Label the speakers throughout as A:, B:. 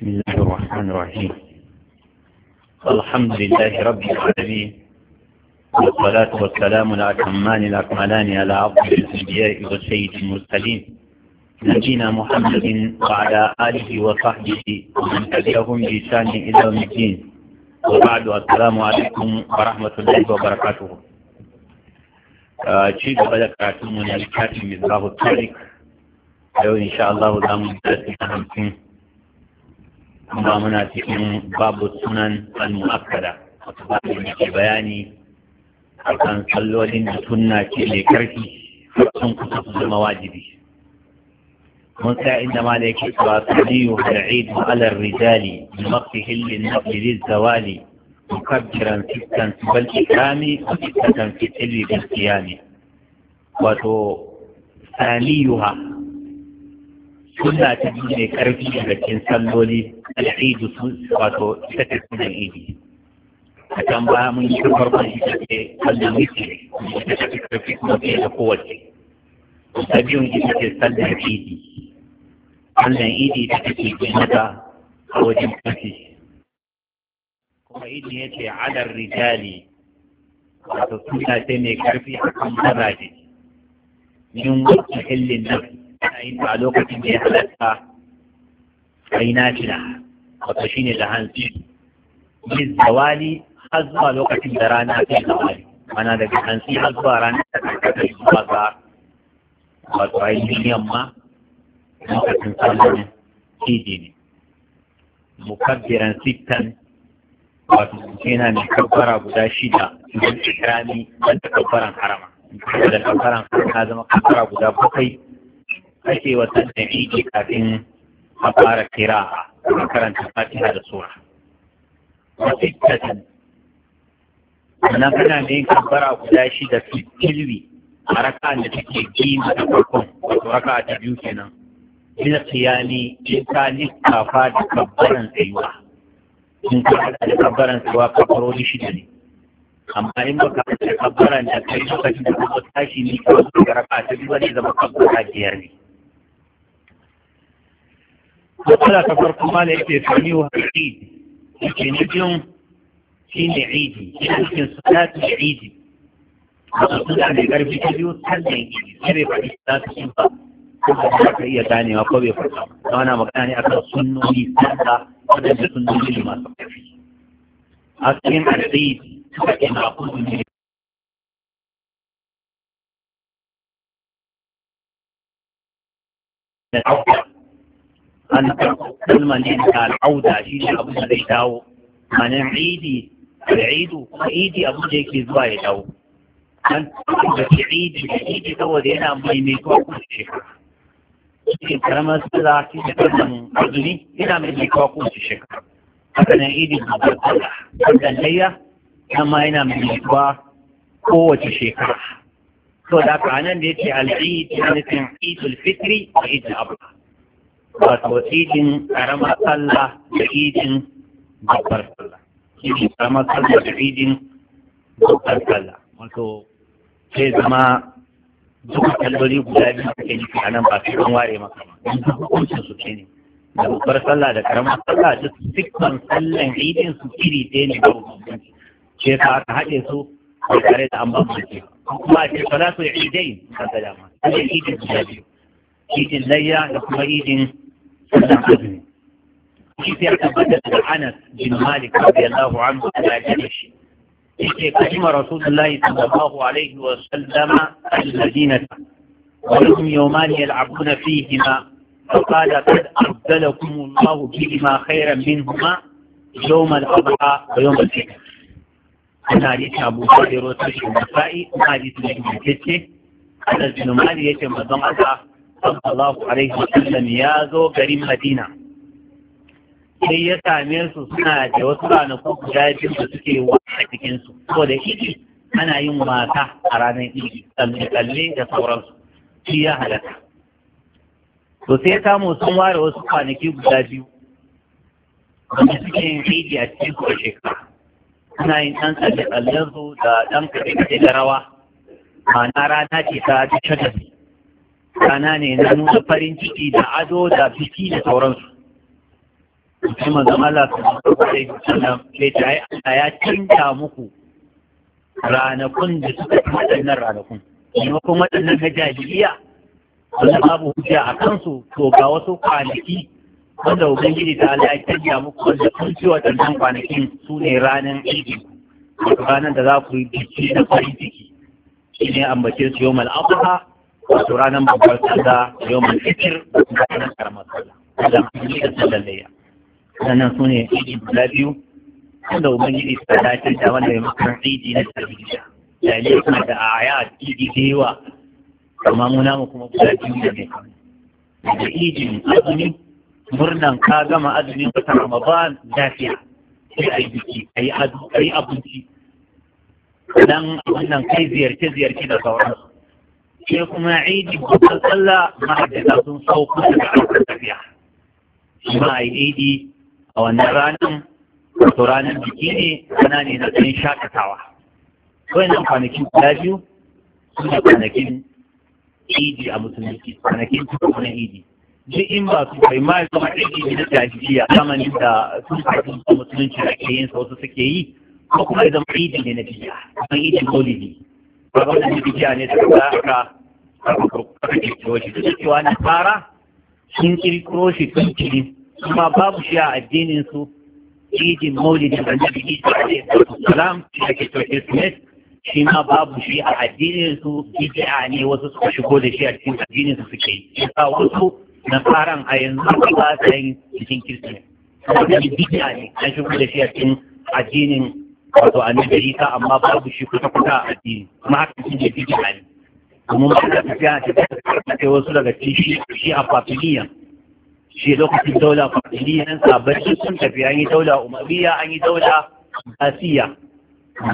A: بسم الله الرحمن الرحيم الحمد لله رب العالمين والصلاة والسلام الأكمان الأكملان على عبد الأنبياء والسيد المرسلين نبينا محمد وعلى آله وصحبه ومن تبعهم بإحسان إلى يوم الدين وبعد السلام عليكم ورحمة الله وبركاته آه، شيء gaba da karatunmu na littafin mizrahu tarik yau insha Allah za kuma muna cikin babu sunan al-mu'akkada wato babu da ke bayani akan sallolin da sunna ce mai karfi sun kusa su zama wajibi mun sa inda ma da yake cewa sadiyu al-eid ma'alar rijali bi mafi lin na zawali mukabbiran sittan bal ikrami wa sittatan fi tilbi bil qiyami wato saniyuha suna ta biyu mai karfi a cikin salloli al'idu sun wato ita ta suna idi a can ba mun yi farkon ita ce sallan wiki ita ta fi karfi kuma fiye da kowace ta biyun ita ce sallan idi sallan idi ta take jimata a wajen kashi kuma idi ya ce adar rijali wato suna ta mai karfi a kan mazaje min wata hillin nafi ana yin a lokacin da ya halatta a yi nafila wato shi ne da hantsi min zawali har zuwa lokacin da rana ta yi zawali mana daga hantsi har zuwa rana ta karkata zuwa ga wato ainihin yamma lokacin sallan keji ne mukabbiran sittan wato yana mai kabbara guda shida don ikirami, wanda da kabbaran harama da kabbaran harama zama kabbara guda bakwai ake wa tajjidi kafin a fara kira a karanta fatiha da sura wasu tattalin kana da yin kabbara guda shi da kilwi a raka da take gina da farkon wato raka ta biyu kenan ina tsiyani in ka kafa da kabbaran tsayuwa in ka haɗa da kabbaran tsayuwa ni shida ne amma in baka haɗa da kabbaran da kai lokacin da kuma tashi ne kawai daga raka ta biyu ne zama kabbara biyar ne matsala ta farko da yake sami wa idi yake na biyun shi ne idi yana cikin salatu da idi wasu suna da ƙarfi ta biyu sannan idi sai bai faɗi salatu sun ba Ko ba ka iya ganewa ko bai faɗa na wana magana ne akan sunnoni sanda waɗanda sunnoni ne masu ƙarfi asalin al'idi suka ke ne alfarku kalma ne da al'auda shi ne abin da zai dawo manin idi da idu kuma idi abin da yake zuwa ya dawo an da ke idi da idi saboda yana mai mai kuwa kuma shekara shi karamar sura shi da kalman azumi yana mai mai kuwa kuma shekara haka nan idi da barkala wannan layya amma yana mai mai kuwa kowace shekara saboda haka nan da yake al'id yana nufin idul fitri da idul abuwa wato idin karamar sallah da idin babbar sallah idin karamar sallah da idin babbar sallah wato sai zama duka kalloli guda biyu suke nufi a nan ba su kan ware maka ba duka hukuncin su ke ne da babbar sallah da karamar sallah duk dukkan sallan idin su iri ɗaya ne ba hukunci ce ka aka haɗe su ba tare da an bambance kuma ce salatu idai ka salama sallan idin guda biyu idin layya da kuma idin sannan azumi shi sai tabbatar da Anas bin Malik radiyallahu anhu da gare shi yake kalima Rasulullahi sallallahu alaihi wa sallama al-Madinata wa lahum yawman yal'abuna fihima فقال قد أبدلكم الله بهما خيرا منهما يوم الأضحى ويوم الفطر. أنا حديث أبو هريرة النسائي وحديث ابن كتشي أنس بن مالك يتم ضمن sallallahu alaihi wasallam ya zo garin Madina sai ya same su suna da wasu ranaku guda biyu da suke wa a cikin su da idi ana yin wasa a ranar idi tsalle da sauransu shi ya halaka to sai samu sun ware wasu kwanaki guda biyu wanda suke yin idi a cikin su shekara ana yin ɗan tsalle tsallen su da ɗan kaɗe da rawa ma'ana rana ce ta cikin rana ne na nuna farin ciki da ado da biki da sauransu sai manzon zama sallallahu ya yi ya muku ranakun da suka fi waɗannan ranakun kuma waɗannan na jahiliya wanda babu hujja a kansu to ga wasu kwanaki wanda ubangiji ta Allah ya canja muku wanda kun ci waɗannan kwanakin su ne ranar idi ranar da za ku yi biki na farin ciki shi ne ambace su yau wato ranar babbar sallah yau mai fitir da ranar karamar sallah da mutum da sallar layya sannan su ne iji guda biyu wanda ubangiji ta dace da wanda ya makar iji na tarbiyya da ne kuma da aya a iji da yawa amma muna mu kuma guda biyu da ne da ijin azumi murnan ka gama azumin wata ramadan lafiya sai a yi biki a yi abinci dan wannan kai ziyarce-ziyarce da sauransu sai kuma idi babban sallah ma'aikata sun sauko daga harkar tafiya a yi idi a wannan ranar wato ranar ne rana ne na ɗan shakatawa nan kwanakin guda biyu su ne kwanakin a musulunci kwanakin tuka na idi duk in ba su kai ma zama ne na a zamanin da sun karfi da musulunci da ke yin sa wasu suke yi ko kuma yi idi ne na yi kan ne ne ba ba da biya ne daga za a aka fara sun kirkiro shi sun kiri kuma babu shi a addinin su idin maulidin annabi isa alaihi salam shi babu shi a addinin su a ne wasu suka shigo da shi a cikin addinin su suke yi a wasu na faran a yanzu ba sa yin cikin kirkiro saboda a ne an shigo da shi a cikin addinin wato annabi isa amma babu shi kuta-kuta a addini kuma haka cikin ne a ne amma muna tafiya a cikin kai wasu daga cikin shi a fatiliya shi lokacin daula fatiliya nan sabon sun tafiya an yi daula umariya an yi daula asiya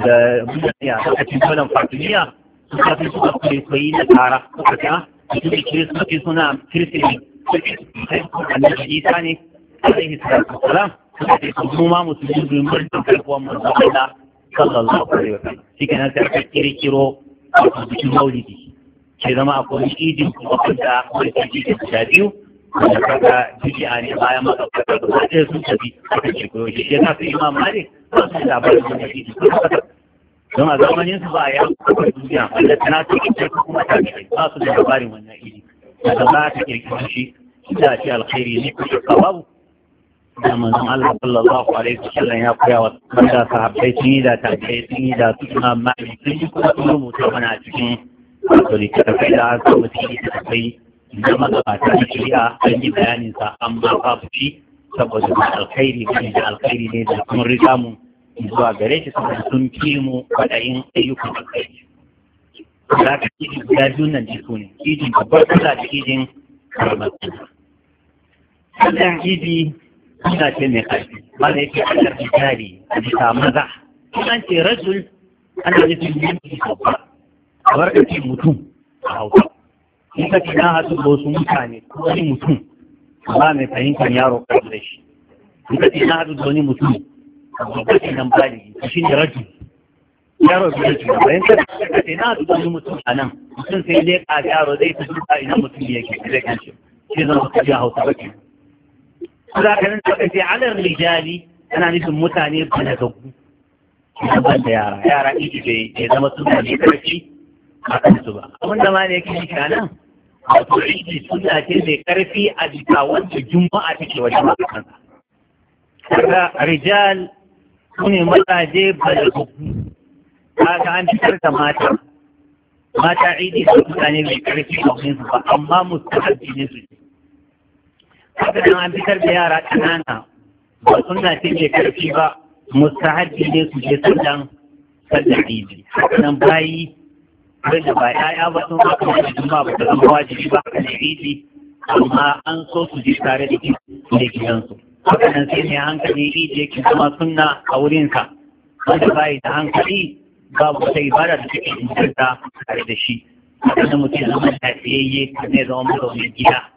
A: da duniya lokacin daular fatiliya suka fi suka kwaikwayi na tara suka ta cikin kiristoci suna kirkiri sai annabi isa ne alaihi salatu wasalam suka ce su ma musulmi zuwa mulkin karkuwan manzo Allah sallallahu alaihi wasallam shi kenan sai aka kirkiro a cikin maulidi sai zama akwai idin kuma kanta kuma ta da guda biyu wanda kaga jijiya ne bayan maka kaka guda ɗaya sun tafi aka ce koyo shi ya kasu imam malik ba su labarin wanda idin kuma kaka don a zamanin su ba a yawon kaka duniya wanda tana ta ita kuma ta ce ba su da labarin wannan idin daga ba ta kirkiri shi da shi alkhairi ne ko shakka babu da manzon Allah sallallahu alaihi wasallam ya koya wa wanda sahabbai sun yi da tabi'ai sun yi da su imam malik sun yi kuma sun rubuta mana a cikin wato littattafai da aka mutum littattafai na magabata ta shari'a an yi bayanin sa an ma babu shi saboda ba alkhairi ne da alkhairi ne da kuma riga mu zuwa gare shi saboda sun fi mu kwaɗayin ayyukan alkhairi. Za ka ijin guda biyun nan jisu ne, ijin babbar kula da ijin karamar kula. Sannan iji suna ce mai ƙarfi, wanda yake ƙasar jari a bisa maza. Kuma ce rajul ana nufin yin yanki babba. kamar da ce mutum a hausa in ka ce na haɗu da wasu mutane ko wani mutum ba mai fahimtar yaro ƙarfi da shi in ka ce na haɗu da wani mutum ba ka ce nan baligi shi ne rajin yaro da rajin da in ka ce na haɗu da wani mutum a nan mutum sai dai ka yaro zai fi duka ina mutum ya yake zai kan shi shi zama ka ji hausa ba ke. Za ka nan ka ce alar rijali ana nufin mutane ba na gabu. Ban da yara, yara iji bai zama da ne ƙarfi a ba abin da ma ne yake shi nan wato sun suna ce mai karfi a jika wanda juma'a take wajen makan kaga rijal sune mazaje balagu kaga an fitar da mata mata idi su mutane mai karfi a wajen su ba amma mustahabbi ne su kaga nan an fitar da yara ƙanana ba suna ce mai karfi ba mustahabbi ne su je sallan sallan idi haka bayi wanda ba ya'ya ba sun ba kamar da juma ba ta zama wajibi ba a nemi amma an so su ji tare da gidansu haka nan sai mai hankali ije yake zama sunna a wurinka wanda bai da hankali babu wata ibada da take inganta tare da shi haka nan mutum zama lafiyayye ne zama mazaunin gida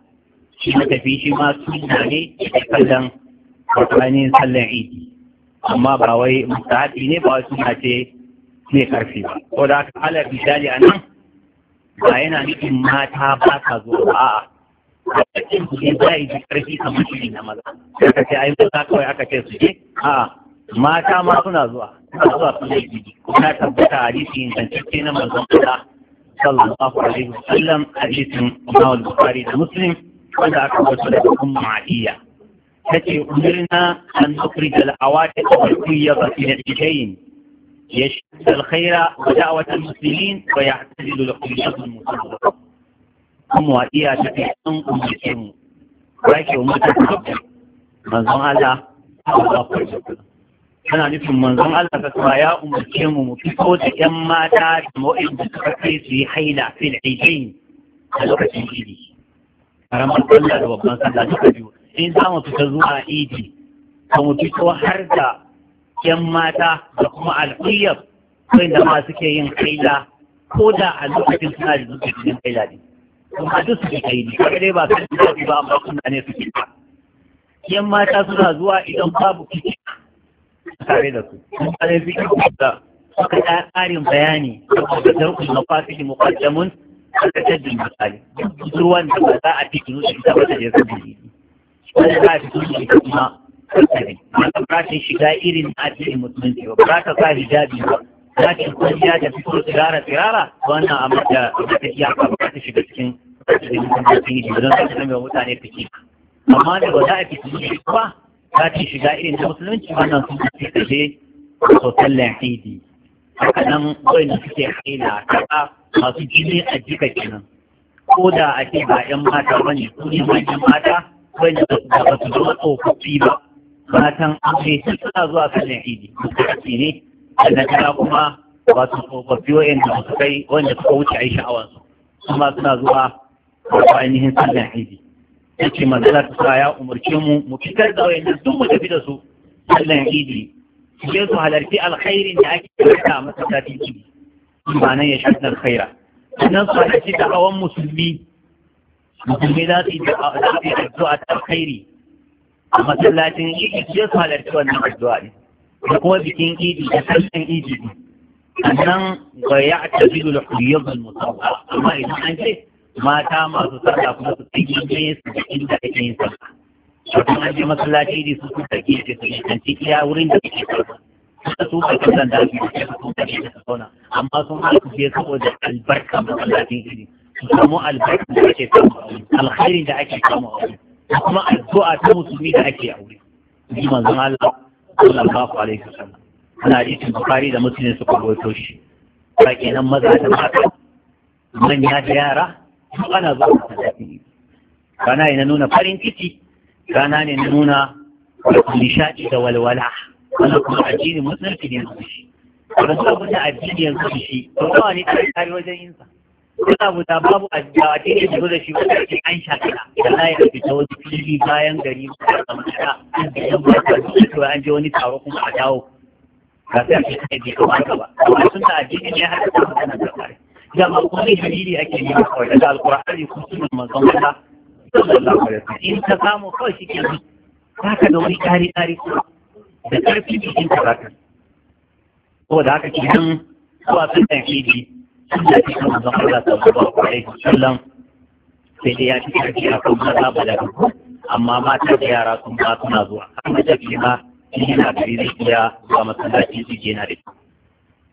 A: shi matafi shi ma sunna ne da kallon wato ainihin sallan idi amma ba wai mustahabi ne ba suna ce mai karfi ba ko da aka ala misali a nan ba yana nufin mata ba ka zo ba a cikin su ne za yi karfi kamar shi na maza aka ce ai maza kawai aka ce su je a mata ma suna zuwa suna zuwa su ne gidi kuma tabbata hadisi ingantacce na manzon Allah sallallahu alaihi wasallam hadisin Imam Bukhari da Muslim wanda aka wato daga Ummu Adiya tace umirna an nukhrij al-awatiq wal qiyyah fi al-idayn يشد الخير ودعوة المسلمين ويعتزل الاقتصاد المسلمين kun wa iya tafi sun umarcinmu rake wa mutum kafin manzon Allah a wata kwarce kuna nufin manzon Allah ta kuma ya umarce mu mu fito da 'yan mata da da suka su yi haila fil aijin a lokacin idi karamar sallah da babban sallah duka biyu in za mu fita zuwa idi ka mu fito har da yan mata da kuma alƙiyar wanda ma suke yin kaila ko da a lokacin suna da zuke cikin kaila ne kuma duk suke kai ne kuma dai ba kan tafi ba amma kuma ne suke ba yan mata suna zuwa idan babu ciki tare da su kuma ne suke kusa. suka ta ƙarin bayani saboda tarkul mafasihi muqaddamun aka da misali duk ruwan da ba za a fi kinu ba ta bata je su ne wanda za a fi kinu ita kuma tattare wannan ta shiga irin addinin musulunci ba ba ta sa hijabi ba za ki kwanya da fito tsirara tsirara wannan a mata ta iya ba ba ta shiga cikin tattalin musulunci ne don ta zama mutane fiki amma da ba za a fito ba za ki shiga irin na musulunci wannan sun fi kashe sosan lahidi haka nan wanda suke haila kaɗa masu jini a jika kenan ko da ake ba 'yan mata bane su ne manyan mata wanda ba su zama tsofaffi ba fatan aure sun suna zuwa kallon idi kaci ne sannan tana kuma ba su tsofaffi da suka kai wanda suka wuce a yi kuma suna zuwa wato ainihin sallan idi yace manzala ta sa ya umarce mu mu fitar da wa'annan duk mu tafi da su sallan idi je su halarci alkhairin da ake karanta a masallacin idi imanan ya shaɗa alkhaira sannan su halarci da hawan musulmi musulmi za su yi da addu'a ta alkhairi a masallacin idi sai su halarci wannan addu'a ne da kuma bikin idi da sallan idi ne sannan ba ya tabidu da kuliyar musamman amma idan an ce mata masu sallah kuma su fi yin su da inda ake yin sallah shakun an je masallaci idi su su tafi da su kanci iya wurin da suke sallah suka su ba kan da su ke su da ke su sauna amma sun haku su saboda albarka masallacin idi su samu albarka da ake samu alkhairin da ake samu a wurin da kuma addu'a ta musulmi da ake aure ji manzon Allah sallallahu alaihi wasallam ana hadisin bukari da muslim suka rawaito shi ba kenan maza da mata manya da yara duk ana zuwa ta dafi kana ne nuna farin ciki kana ne na nuna nishaɗi da walwala wanda kuma addinin musulunci ne na shi wanda kuma addini yanzu shi to kawai ne ta kare wajen yinsa wani abu da babu a cikin da da shi wanda ake an shakala da layi da fita wasu fili bayan gari da kamar da yan mata da to an je wani taro kuma a dawo ba sai a fita da bai kamata ba amma sun da addini ne har da magana da kare da ma kuma ne ake yi kawai daga alqur'ani ko sunan manzon Allah sallallahu alaihi wasallam in ka samu kawai shi ke zaka da wani kari kari da karfi jikin ka zaka saboda haka kidan zuwa sun da ke kan zan Allah sallallahu alaihi wasallam sai dai ya ci karfi a kan maza balaga amma mata da yara sun ba suna zuwa har mace ce ma shi yana da zai iya zuwa masallaci su je na da shi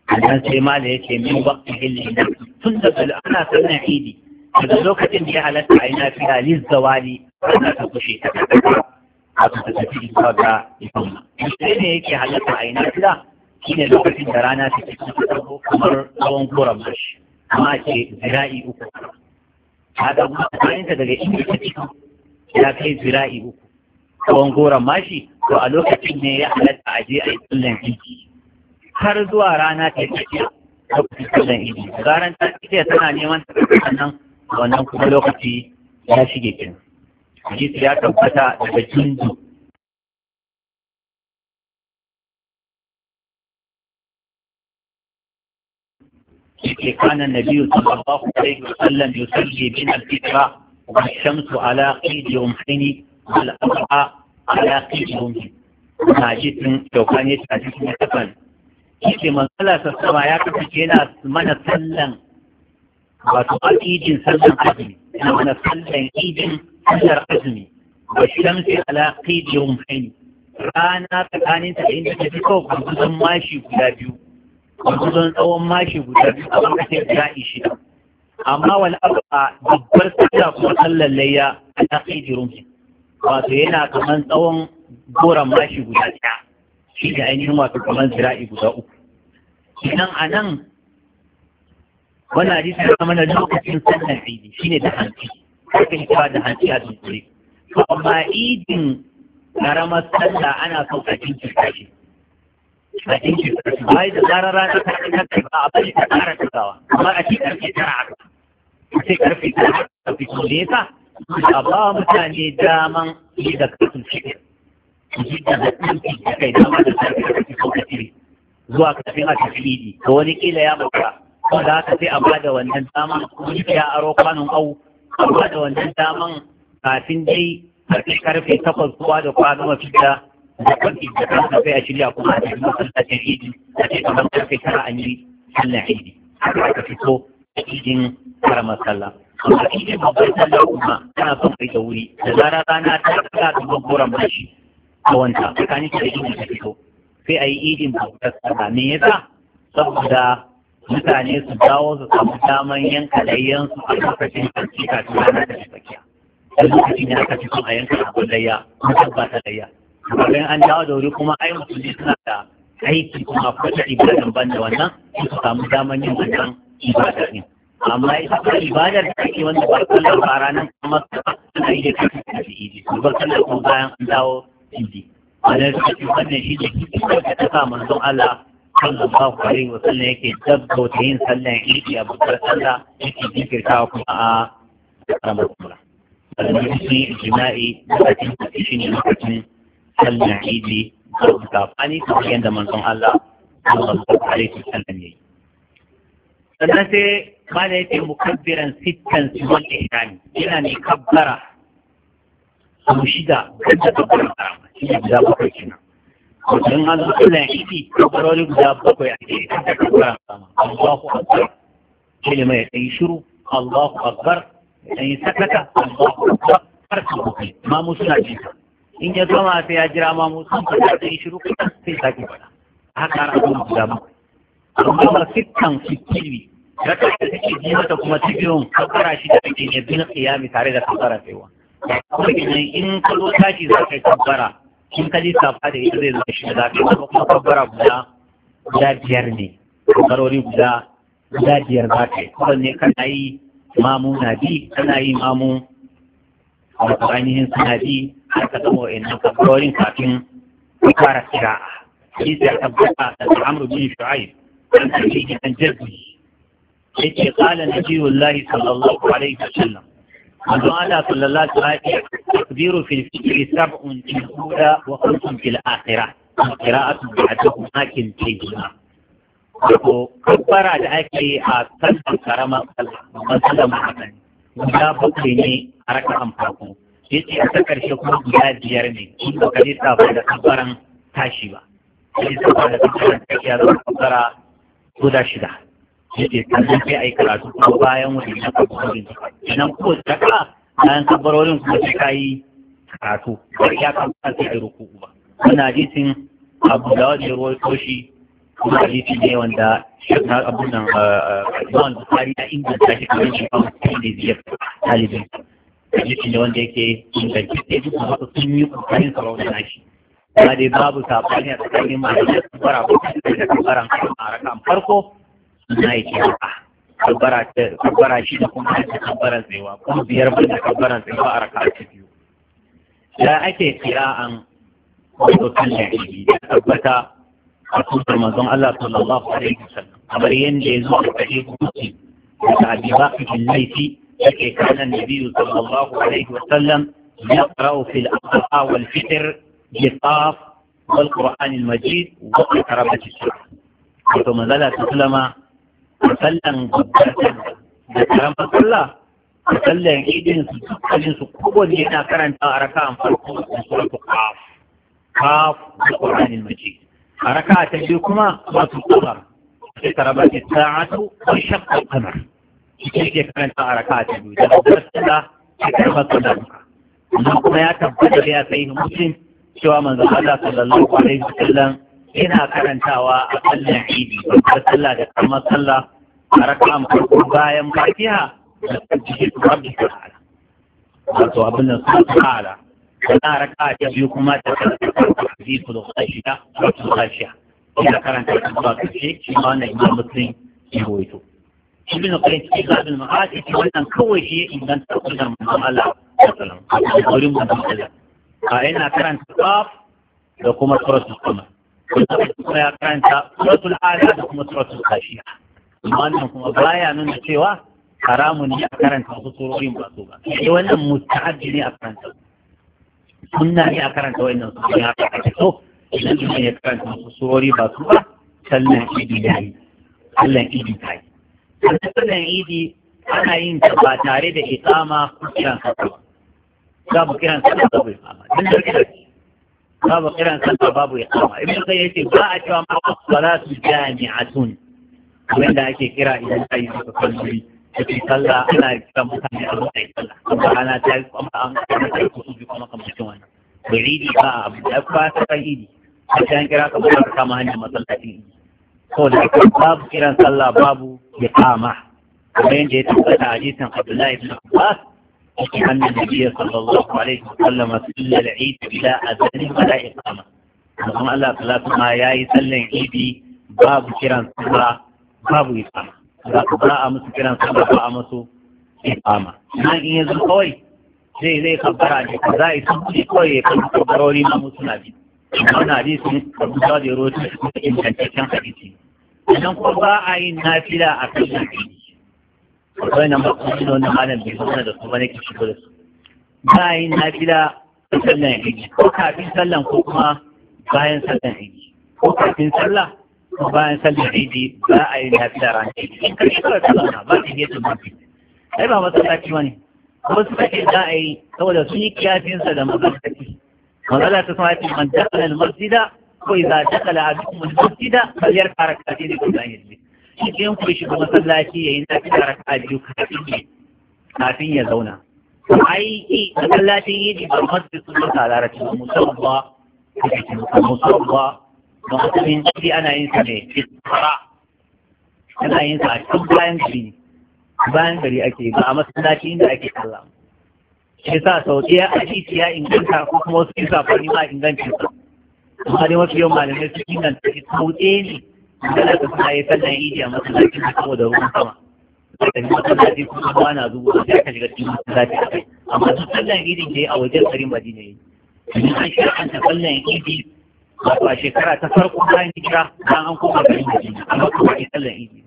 A: annan sai ma da yake min waqti hilli tun da ana sanin idi daga lokacin da ya halatta a ina fi halin zawali ana ta kushe ta a ta tafi zuwa ga ifamma. Sai ne yake halatta a ina fi shi ne lokacin da rana ta ciki ta ɗago kamar tsawon koren mashi amma ke zira'i uku ta ɗago bayansa daga inda ta ciki ya kai zira'i uku tsawon koren mashi to a lokacin ne ya halatta a je a yi tsallan ciki har zuwa rana ta ciki lokacin tsallan idi garan ta ciki tana neman ta nan wannan kuma lokaci ya shige kin hadisi ya tabbata daga jinjin yake kana nabi sallallahu alaihi wasallam yusalli bina al-fitra wa shamsu ala qidi umhini wal arha ala qidi umhini na jikin kyaukan ya ta jikin kafan yake manzala sassama ya kasance yana mana sallan wato sallan azumi yana mana sallan ijin sallar azumi wa shamsi ala rana tsakanin ta inda ta fito gudan mashi guda biyu gudun tsawon mashi guda biyu a ya guda shida amma wani abu a babbar tsada kuma sallar layya a tasiri su wato yana kamar tsawon goron mashi guda ɗaya shi da ainihin wato kamar zira'i guda uku idan a nan wani hadisi ya mana lokacin sannan idi shine da hanci kakan cewa da hanci a dunkule amma idin ƙaramar sallah ana son a jinkirta shi a dinki bai da zarar rana ta kan kai ba a bari ta ƙara tsawa amma a cikin karfe tara haka sai karfe tara karfe to ne yasa a ba mutane daman yi da kasu cikin jidda da ɗinki da kai dama da sarki da kake sauka cire zuwa kafin a tafi idi to wani kila ya mutu ko da haka sai a ba da wannan daman wani ya aro kwanon au a ba da wannan daman kafin dai a karfe karfe takwas zuwa da kwano mafi da da kwanci da kan sai a shirya kuma a cikin masallacin idi a ce kamar karfe tara an yi sallar idi haka aka fito a idin karamar sallah amma idin babbar sallah kuma tana son kai da wuri da zarar rana ta kala ta gogoran bashi a wanta tsakanin da idin ta fito sai a yi idin babbar sallah me yasa saboda mutane su dawo su samu daman yanka layyansu a lokacin karfi kafin rana ta tsakiya da lokacin ya aka fi son a yanka abin layya mutum ba ta layya bayan an dawo da wuri kuma ai ne suna da aiki kuma kwata ibadan ban da wannan su samu daman yin wannan ibada ne
B: amma ita ta ibadar
A: da ake wanda ba sallar ba ranar kuma suna yi da kafin da su iji su ba kallon kuma bayan an dawo A wannan suka ce wannan shi ne kitabin ta sa manzon Allah sallallahu alaihi wa sallam yake ta yin sallar iji a babbar sallah yake jinkirtawa kuma a ramar kuma. Alamun shi jima'i da ake shi ne lokacin sallan idi babu sabani kamar yadda manzon Allah sallallahu alaihi wasallam yayi sannan sai mana yake mukabbiran sittan sunan ihrami yana ne kabbara sau shida kan da kabbara karama shi ne guda bakwai kenan wato in an zo sallan idi kabbarori guda bakwai ake kan da kabbara karama Allahu akbar shi ne mai yi shiru Allahu akbar yi sakaka, Allahu akbar har ka ma mu suna jinka in ya gama sai ya jira ma mu sun fada sai shiru kuma sai sake fada haka ana kuma guda ma amma ba fitan fitili raka da take ji mata kuma tibiyon kakara shi da take ne bin qiyami tare da kakara kaiwa kuma kenan in ka zo tashi za ka yi kabbara
B: in ka ji safa
A: da ita zai zama shi da zafi kuma kuma kabbara guda guda biyar ne kakkarori guda guda biyar za ka yi ne kana yi mamu na bi kana yi mamu wato ainihin suna bi har ka gama wa'annan kabbarorin kafin ka fara kira'a shi sai tabbata da al'amru bin shu'aib an tafi gidan jaddi yake kala nabiyullahi sallallahu alaihi wa wasallam manzon Allah sallallahu alaihi wasallam takbiru fil fikri sab'un fil ula wa khamsun fil akhirah qira'atu ba'dahu makin tayyima ko kabbara da ake a kan karama sallallahu alaihi wasallam guda bakwai ne a raka'an farko yace a ta ƙarshe kuma guda biyar ne in ba ka ba da kabbaran tashi ba ka ba da kabbaran tashi ya zama kabbara guda shida yace sannan sai ai karatu kuma bayan wani na kabbarorin nan ko ka bayan kabbarorin kuma sai ka yi karatu ba ya kamata sai ai ruku ba wannan hadisin abu da wajen ruwa toshi kuma hadisi ne wanda shakar abun nan yawan eh, eh, bukari a inganta shi kamar shi ba mutum ne biyar talibin hadisin da wanda yake ingantacce duk da sun yi kokarin sa rauna na shi amma dai babu sabani a tsakanin malamai kabbara ko da kabbaran arakan farko
B: na yake haka
A: kabbara ta kabbara shi da kuma ta kabbaran tsayawa kuma biyar ban da kabbaran tsayawa a raka'a ta biyu da ake kira an wato kan da shi da tabbata a sunnar manzon Allah sallallahu alaihi wasallam kamar yadda ya zo a cikin hadisi da abi su bin laifi يكي كان النبي صلى الله عليه وسلم يقرأ في الأضحى والفطر بالطاف والقرآن المجيد وقرابه الشرع ثم ذلا تسلم وسلم قبرة ذكرم الله وسلم إيدين سجد سكوبا لنا كرن تاركا فرقوة من سورة قاف قاف القرآن المجيد أركعة تجيكما سورة القمر اقتربت الساعة وشق القمر cikin ke karanta a raka ta biyu daga babbar sallah ya karɓar da duka amma kuma ya tabbata da ya sai muslim cewa manzo Allah sallallahu alaihi wasallam yana karantawa a sallar idi da sallah da karamar sallah a raka'a farko bayan fatiha da tsarki rabbi ta'ala
B: wato abin da suka ta'ala
A: wannan raka'a ta biyu kuma ta karanta hadisu da khashiya wato khashiya ina karanta ta ba kace shi ma wannan imam muslim ya rawaito ibn qayyim cikin zabin ma'ad yake wannan kawai shi ya inganta kullum manzon Allah sallallahu alaihi wasallam wurin manzon Allah a yana karanta qaf
C: da kuma suratul qamar
A: kuma ya karanta suratul ala da kuma suratul khashiya wannan kuma baya nuna cewa haramun ne a karanta wasu surorin ba su ba sai wannan musta'abbi ne a karanta sunna ne a karanta wannan ne haka ake so idan mutum ya karanta wasu surori ba su ba sallan idi yayi sallan idi ta yi sannan sallan idi ana yin ta ba tare da iqama ko kiran sallah za mu kiran sallah babu iqama din da kira babu kiran sallah babu iqama ibn qayyim yace ba a cewa ma salatu jami'atun kamar da ake kira idan ta yi suka kalli cikin kalla, ana kira mutane a matsayin sallah kuma ana ta yi kuma an kama ta yi kusurbi kuma kamar cikin wannan bai ridi ba a abu da ba ta kan idi a can kira kamar ta kama hanyar masallacin idi ko da babu kiran sallah babu kama kuma yadda ya tabbata a hadisin Abdullahi ibn Abbas yake annan nabiyyi sallallahu alaihi wa sallam sallal a zanen adhan wala iqama kuma Allah sallallahu ya yayi sallan idi babu kiran sallah babu iqama za ku ba a musu kiran sallah ba a musu iqama nan in yanzu kawai zai zai kabbara ne za a yi sun kawai ya kabbara wani ma musu na biyu wani hadisin abu da ya rotu da ingantaccen hadisi idan kuma ba a yin nafila a kan hadisi akwai nan ba kuma shi wanda malam bai zama da su ba nake shigo da su ba a yin nafila a sallan hadisi ko kafin sallan ko kuma bayan sallan hadisi ko kafin sallah ko bayan sallan hadisi ba a yin nafila ran hadisi in ka shekara ta zauna ba ta yi yadda mafi ai ba matsalaci ba ne wasu kake za a yi saboda sun yi kiyafinsa da matsalaci magana ta sama ce man dakala al-masjida ko idza dakala ahadukum al-masjida falyarka rak'atayn qabla an yajlis cikin ku shiga masallaci yayin da kika raka kafin kafin ya zauna ai ki masallacin yiji ba masjid sun ba ba shi ana yin sa ne istara ana yin sa a cikin bayan bayan gari ake ba a masallaci inda ake sallah ya sa sau ɗaya a titi ya inganta ko kuma wasu kisa fari ma ingancin Su amma dai mafi yawan malamai su inganta shi sau sauƙe ne dala ka suna yi yi idi a masallacin da da ruwan sama da ni masallaci kuma ba zuwa da ya kashi gaske masu masallaci a kai amma duk sannan idin da a wajen garin madina yi idan an sannan yi idi ba a shekara ta farko bayan hijira dan an koma garin madina amma kuma a sallan idi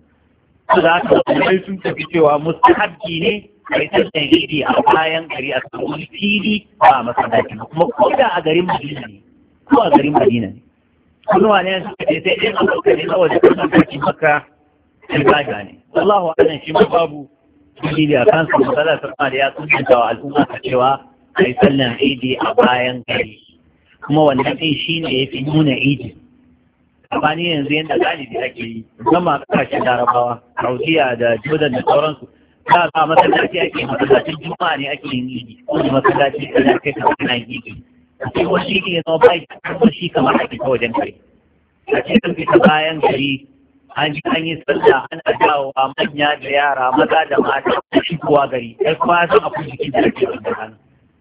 A: za ka wani sun tafi cewa mustahabbi ne kai san tarihi a bayan gari a samun fili ba a masallaci kuma ko da a garin Madina ne ko a garin Madina ne kuma ne suka ce sai ɗin abokan ne saboda kuma kaki maka ibada ne wallahu a'lam shi ma babu dalili a kansa masala sarfa da ya tsunta wa al'umma ta cewa kai sallan idi a bayan gari kuma wannan din shine fi nuna idi amfani yanzu yadda galibi ake yi musamman a ƙasashen larabawa saudiya da jordan da sauransu za a masallaci ake masallacin juma'a ne ake yin gidi ko da masallaci da za kai kamar ana gidi a ce wani ne zama bai kuma shi kamar ake ta wajen kai a ce kan fita bayan gari an ji an yi sallah an dawo a manya da yara maza da mata a shigowa gari ɗan kuma san abin jiki da ake wanda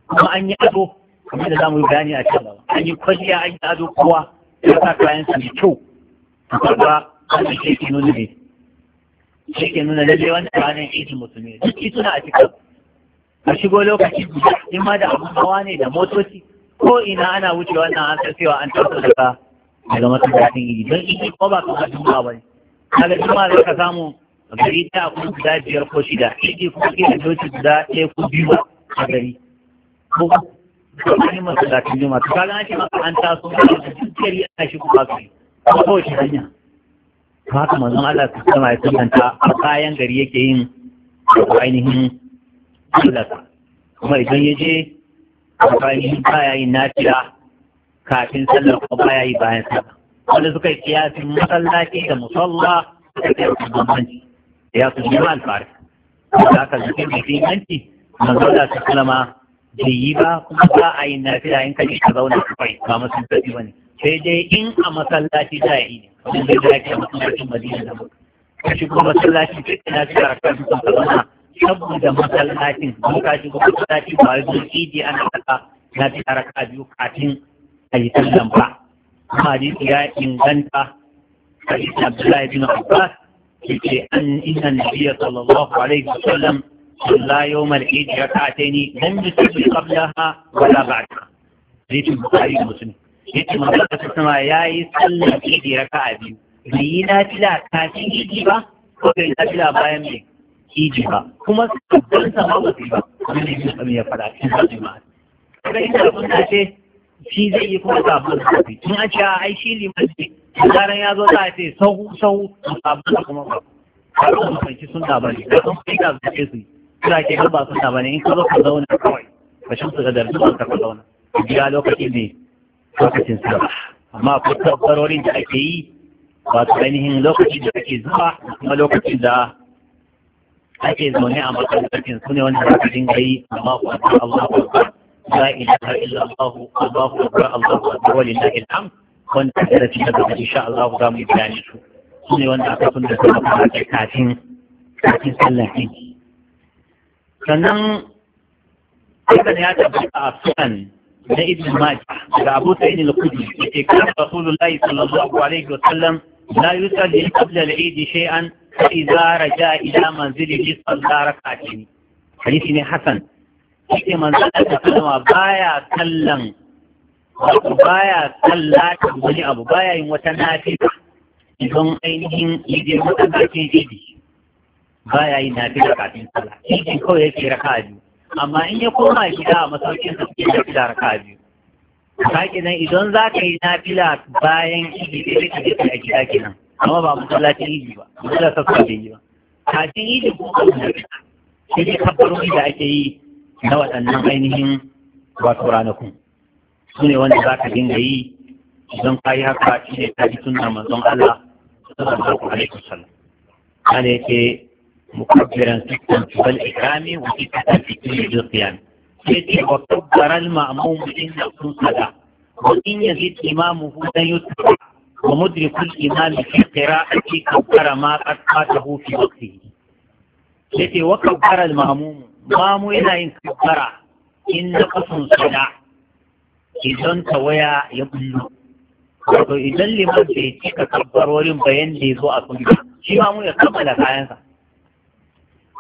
A: kuma an yi ado kamar da za mu yi bayani a cikin an yi kwalliya an yi ado kowa ya sa kayan sa mai kyau a an shi ke nuna ne shi ke nuna lalle wanda ranar idin musulmi duk tituna a cikin a shigo lokaci guda in ma da abin hawa ne da motoci ko ina ana wuce wannan an san cewa an tafi daga daga masallacin idi don idi ko ba kamar juma'a ba ne kaga juma'a za ka samu gari ta kuma guda biyar ko shida idi kuma ke da doci guda ɗaya ko biyu a gari ko wani masalacin juma to kaga ake maka an taso da dukkan a shi kuma kai ko shi hanya Ta haka manzon Allah ta sama ya tantanta a kayan gari yake yin ainihin sallata kuma idan ya je a ainihin baya yin nafila kafin sallar kuma baya yi bayan sallar. wanda suka yi kiyasin masallaci da musalla da kai bambanci ya su jima alfari da aka zuke mai inganci manzon Allah ta sallama bai yi ba kuma ba a yi nafila in kaji ka zauna kawai ba masu masallaci ba ne sai dai in a masallaci za a yi ne wajen da ake masallacin madina da mutu ka shigo masallaci sai ka nafi a kan dukkan ka zauna saboda masallacin don ka shigo masallaci ba wai don idi ana kasa na fi ka raka biyu kafin a yi sallan ba amma hadisi ya inganta hadisi abdullahi bin abbas ce an inna nabiyya sallallahu alaihi wasallam صلى يوم العيد ركعتين لم يصلي قبلها ولا بعدها ريت البخاري ومسلم yace manzon Allah sama yayi sallar idi raka'a biyu bai yi nafila kafin idi ba ko bai nafila bayan mai idi ba kuma sabbin sama ba su ba kuma ne yin ya cikin ce shi zai yi kuma sabbin sabbi in an ce ai shi ne zaran ya zo za a ce sau sahu sabbin kuma ba ba ba ba ba ba ba ba ba ba ba ba kira ke ba suna bane in ka zo ka zauna kawai ka shan su da darsu ba ka zauna biya lokaci ne lokacin sa amma akwai tabbarorin da ake yi wato ainihin lokaci da ake zuwa kuma lokacin da ake zaune a makarantarkin su ne wanda za ka dinga yi amma ku an ta Allah ku la ilaha illa Allah Allahu akbar Allahu akbar walillahi alhamd wanda da rafi da gaba insha Allah za mu yi bayani su su ne wanda aka sunna da kuma kafin kafin sallar aiki sannan hakan ya tabbata a sunan na ibn majah daga abu sa'id al-khudri yake kana rasulullahi sallallahu alaihi wasallam la yusalli qabla al-eid shay'an fa idza raja ila manzilihi salla rak'atayn hadisi ne hasan yake manzo Allah sallama baya sallan wato baya sallata wani abu baya yin wata nafi idan ainihin yaje wata nafi idi ba ya yi nafila kafin sallah shi kawai yake raka biyu amma in ya koma gida a masaukin sa sai nafila raka biyu sake nan idan za ka yi nafila bayan iji sai ka ke a gida kenan amma ba masallacin iji ba masallacin sa bai yi ba kafin iji ko ka sai dai kabbarori da ake yi na waɗannan ainihin wato ranaku. su ne wanda za ka dinga yi idan ka yi haka shi ne ta ji manzon Allah sallallahu alaihi wasallam ana مكبرا ستا والإكرام وستا في كل القيام سيتي وكبر المأموم إن صلاة وإن يزد إمامه لا يتبع ومدرك الإمام في قراءة كبر ما قد فاته في وقته سيتي وكبر المأموم مامو إلى إن كبر إن نقص صلاة إذن تويا يبلو wato idan liman bai cika tabbarorin bayan da ya zo a sunna shi ma mu ya kammala kayansa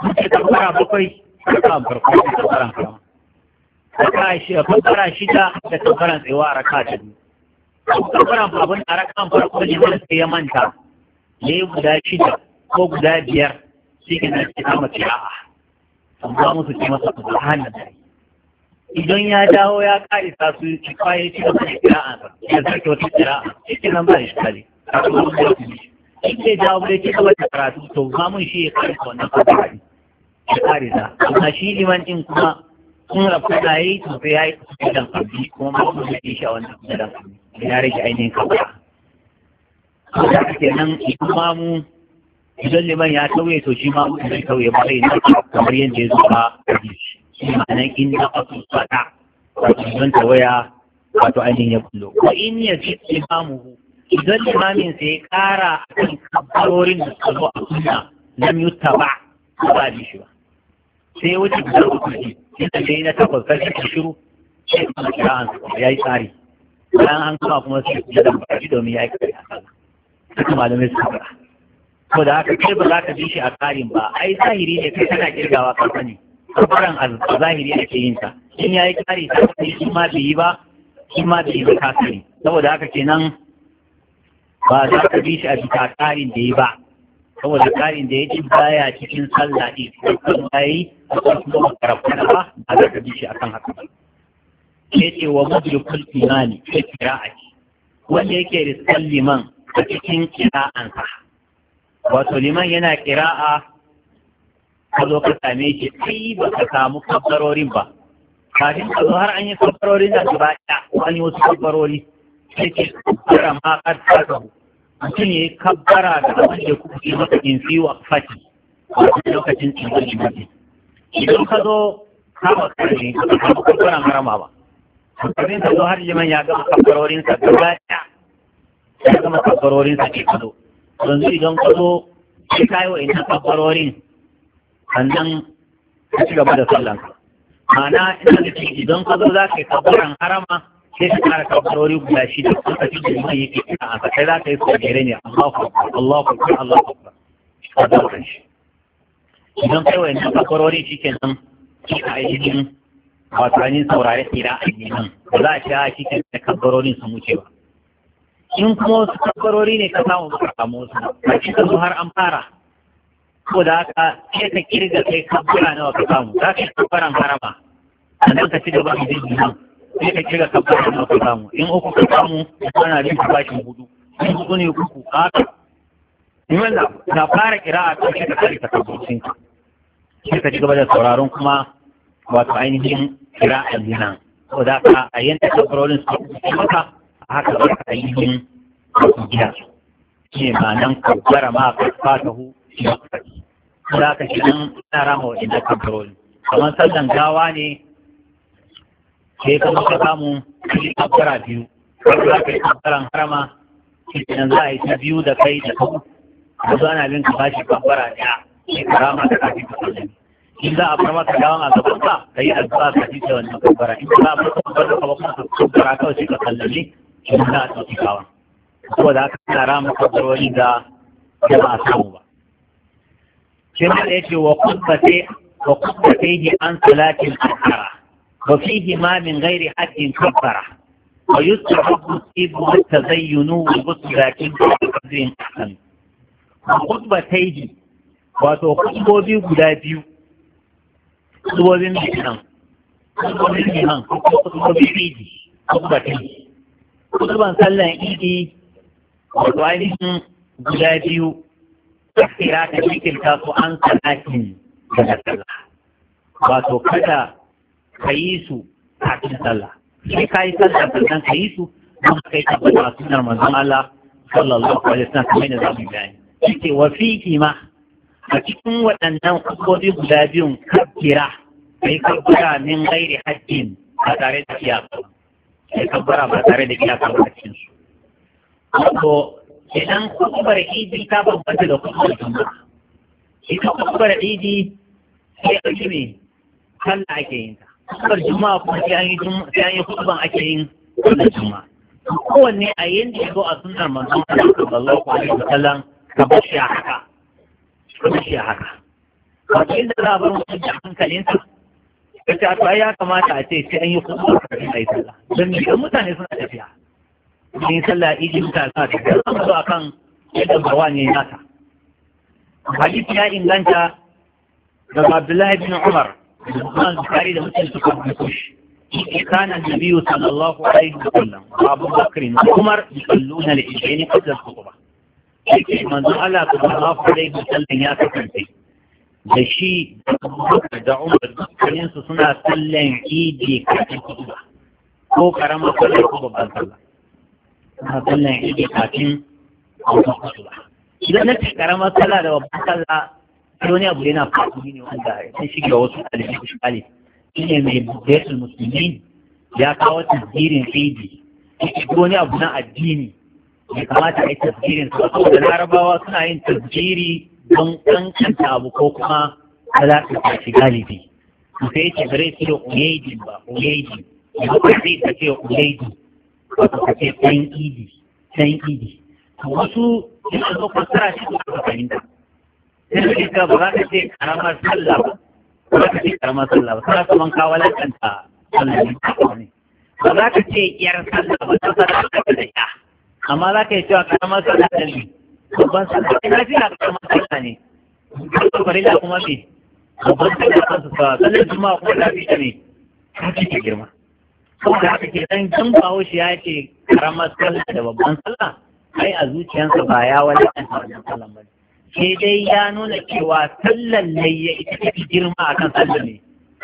A: muke tabbara bakwai a kan farko da tabbaran kama tabbara shida da tabbaran tsewa a raka ta biyu tabbaran abin a rakan farko ne wanda sai ya manta ne guda shida ko guda biyar shi ke nan shi kama tira'a ba musu ce masa su hannun da idan ya dawo ya karisa su ci kwaye ci da kuma tira'a ya zarke wata tira'a shi ke nan ba shi kare a kuma musu ya kuma shi ke dawo da ke kawai karatu to ba zamun shi ya karisa wannan kwanaki da amma shi liman ɗin kuma
B: sun rabu da
A: yi to sai ya yi kudan abdi kuma ma kuma zai shi a wannan da abdi ya rage ainihin kafa ko da ake nan idan mu idan liman ya tauye to shi ma mu zai tauye ba zai kamar yadda ya zo ba shi ma'anan inda na su fata wato idan tawaya wato ainihin ya kullo ko in ya ci imamu idan limamin sai ya ƙara a kan kabbarorin da suka zo a sunna lam yutta ba ba da shi ba sai wuce guda uku ne inda ne na takwas sai ka shiru sai kuma kira'an ya yi tsari bayan an kuma kuma sai ya da baki domin ya yi kare a sallah da malamai suka fara ko da haka kai ba za ka ji shi a tsarin ba ai zahiri ne kai kana kirgawa ka sani kafaran a zahiri ake yin ta. in ya yi kare ta sani shi ma bai yi ba shi ma bai yi ba ka sani saboda haka kenan ba za ka ji shi a bisa tsarin da yi ba saboda ƙarin da ya ci baya cikin sallah ɗin kuma yayi a kan kuma makarafana ba a za ka bi shi akan haka ba ke ce wa mudrikul imani a ce wanda yake riskan liman a cikin kira'ansa wato liman yana kira'a ka zo ka same shi kai ba ka samu kabbarorin ba kafin ka zo har an yi kabbarorin da gaba ɗaya wani wasu kabbarori sai ce kira ma ƙarfa mutum ya yi kabbara da abin da kuma yi maka in fi wa fati a lokacin tsimar limafi idan ka zo kama karni ka kama kabbara marama ba hankalin ka zo har jiman ya gama kabbarorinsa gaba ɗaya ya gama kabbarorinsa ke kado yanzu idan ka zo sai ka yi wa ina kabbarorin sannan ka ci gaba da sallanka ma'ana ina da idan ka zo za ka yi kabbaran harama sai ka ƙara kabbarori guda shi da ka cikin mai yake kira a kai za ka yi kogere ne Allah ku Allah ku Allah ku a daukan shi idan kai wayannan kabbarori shi ke nan shi a ainihin wato ainihin saurare tsira a ainihin ba za a sha ah, shi ke da kabbarorin su wuce ba in kuma wasu kabbarori ne ka samu ka samu wasu ba shi ka zo har an fara ko da haka ke ka kirga kai ka kabbara nawa ka samu za ka yi kabbaran harama sannan ka ci gaba da jirgin nan sai ka kira kabbarin da ka samu in uku ka samu ana rin bashin hudu in hudu ne uku haka Iman na fara kira a kan shi ka kare takabbacin ka. Sai ka ci gaba da sauraron kuma wato ainihin kira a binan. Ko da ka a yanta kabbarorin su maka a haka ba ka ainihin wato gina su. Shi ma nan ka gwara ma ka fata hu shi ma ka ci. Ko da ka shi nan ina rama wa inda kabbarorin. Kamar sallan gawa ne sai ka ka samu kabbara biyu wanda za ka yi kabbaran harama idan za a yi ta biyu da kai da kau da zuwa na bin ka bashi kabbara ɗaya sai ka rama ta kafin ka sallami in za a bar maka dawon a gaban ka ka yi addu'a ka ji ta wannan kabbara in za a bar ka kabbara ka bakon ka kabbara kawai sai ka sallami in za a ɗauki kawan da haka ana rama kabbarori da da ba a samu ba. Shi ma da ya ce wa sai wa kubbatai an salatin al'ara وفيهما من غير حد كفرة ويستحب الطيب والتزين والغسل لكن بقدر أحسن الخطبة تيجي wato kusurbobi guda biyu kusurbobin mihan kusurbobin mihan kusurbobin idi kusurbatin kusurban sallan idi wato ainihin guda biyu tafsira ta cikin tasu an salatin wato kada ka yi su kafin sallah sai ka yi sallah sannan ka yi su don ka kai tabbata sunar manzon Allah
B: sallallahu alaihi wasallam kamar da zamu
A: bayani yake wa fiki ma a cikin waɗannan kuskoki guda biyun kabbira kai kabbira min gairi hajjin ba tare da iyaka kai kabbira ba tare da iyaka ba cikin su wato idan kubar idi ta bambanta da kubar juma'a ita kubar idi sai ake kan sallah ake yin ta kafar juma'a kuma sai an yi sai ake yin wannan juma'a kowanne a yanda ya zo a sunnar manzon Allah sallallahu alaihi wa sallam ka bashi shi a haka ka bar shi a haka wato inda za a bar mutum da hankalinsa ka ce ai ya kamata a ce sai an yi kutuba kafin a yi sallah don idan mutane suna tafiya yin sallah idi ta sa ta zama zo akan yadda bawa ne nata Hadith ya inganta daga Abdullahi bin Umar Imam Bukhari da Muslim suka rubuto shi كان النبي صلى الله عليه وسلم وابو بكر وعمر يصلون الاثنين قبل الخطبه من قال صلى الله عليه وسلم يا كنتي da shi da umar dukkaninsu suna sallan idi kafin kutuba ko karama sallar ko babban sallah
B: suna sallan idi kafin
A: kutuba idan na ce karama sallah da babban sallah sai wani abu yana faɗi ne wanda sun shiga wasu ɗalibai ku shigale shi ne mai budetul musulmi ya kawo tasgirin idi yake wani abu na addini ya kamata a yi tasgirin su saboda larabawa suna yin tasgiri don kankanta abu ko kuma ba za su tashi galibi sai yake bare su da uyaidin ba uyaidin ya kuma sai ta ce uyaidin ba ta ce san idi san idi wasu yana zo fassara shi da fahimta sai ita ba za ta ce karamar sallah ba ba za ta ce karamar sallah ba sai kuma ka walakanta sallah ne ba za ta ce yar sallah ba ta sallah ka da ita amma za ka yi cewa karamar sallah da ne babban sallah ina fi na karamar sallah ne kuma farilla kuma me babban sallah kansu sa sallar juma'a kuma ta fi ta ne ta fi ta girma saboda haka ke dan dan bawo shi ya ce karamar sallah da babban sallah ai a zuciyarsa ba ya walakanta wannan sallah ba ne sai dai ya nuna cewa sallan ya ita ta fi girma a kan sallan ne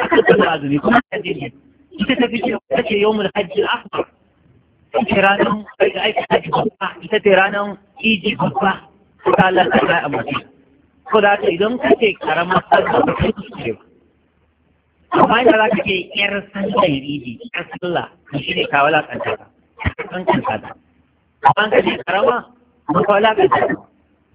B: akan sallan azumi kuma ta
A: ne. ita ta fi girma ta ce da hajji akbar ta ce ranar aiki fi babba ita ce ranar iji babba ta lalata a mutum ko da ta idan ka ce karamar sallan ta fi ba amma yadda za ka ce yar sallan iji yar sallan shi ne kawo lakanta ta kan kanta ta amma ka ce karama ba kawo lakanta ta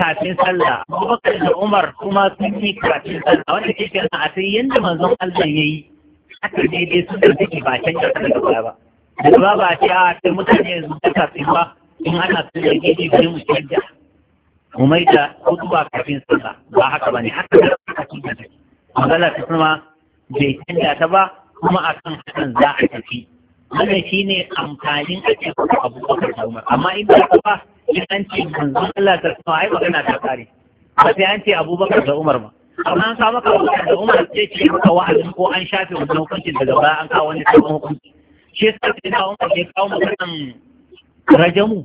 A: kafin sallah abubakar da umar kuma sun yi kafin sallah wanda ke kira a sai yadda manzon allah ya yi aka daidai sun da take ba can yasa daga gaba. ba daga ba ba ce a ah, sai mutane yanzu da kafin ba in ana sun da gidi mu canja mu mai da ba kafin sallah ba haka ba ne haka da aka ci da take magana ta kuma bai canja ta ba kuma akan hakan za a tafi wannan ne amfanin ake abubakar da umar amma inda ka ba in an ce manzon Allah ta sama ai magana ta kare ba sai an ce Abubakar da Umar ba amma an kawo maka Abubakar da Umar sai ce maka wa'azin ko an shafe wannan hukuncin daga baya an kawo wani sabon hukunci shi yasa sai na Umar ya kawo maganan rajamu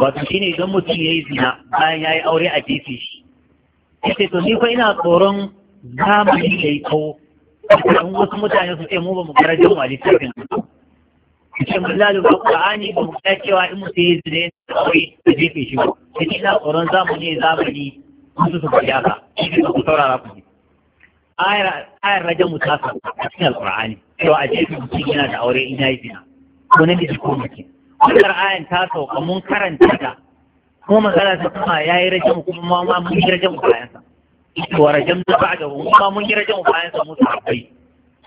A: wato shine idan mutum ya yi zina bayan ya yi aure a jefe shi sai to ni fa ina tsoron zamani da ya kawo wasu mutane su ce mu ba mu rajamu a littafin cikin misalin ba ƙur'ani ba mu cewa in mutum ya zina ya kawai da jefe shi ba sai ina tsoron za mu zamani zamani musu su faɗi haka shi ne ku saurara ku ayar rajen mutasa a cikin alƙur'ani cewa a jefe mutum yana da aure ina yi zina ko na miji ko mace wannan ayan ta sauka mun karanta ta kuma magana ta kuma ya yi rajen kuma ma mun yi rajen bayansa ita wa rajen da ba da ma mun yi rajen bayansa musu akwai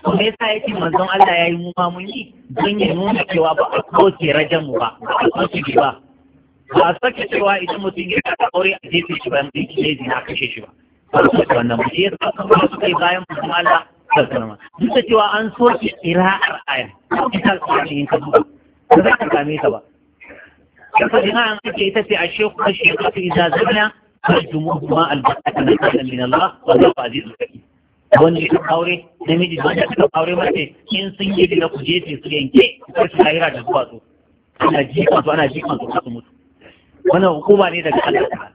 A: to me yasa yake manzon Allah yi mu ma mun yi don ya nuna cewa ba a soke rajan mu ba ba a soke shi ba ba a sake cewa idan mutum ya ta aure a jefe shi ba mutum ne zina kashe shi ba ba a soke wannan mutum ya yasa kuma su kai bayan manzon Allah sallama duk da cewa an soke ira'ar aya ita alƙawari in ka duba ba za ka same ta ba kasa jina an ake ita ce a shekhu a shekhu idan zabna فاجتموهما البتة نزلا ba الله ba zai حكيم wanda ya aure namiji da wanda suka aure mace in sun yi da ku jefe su yanke kar su lahira da zuwa su ana jikan su ana jikan su su mutu wannan hukuma ne daga Allah ta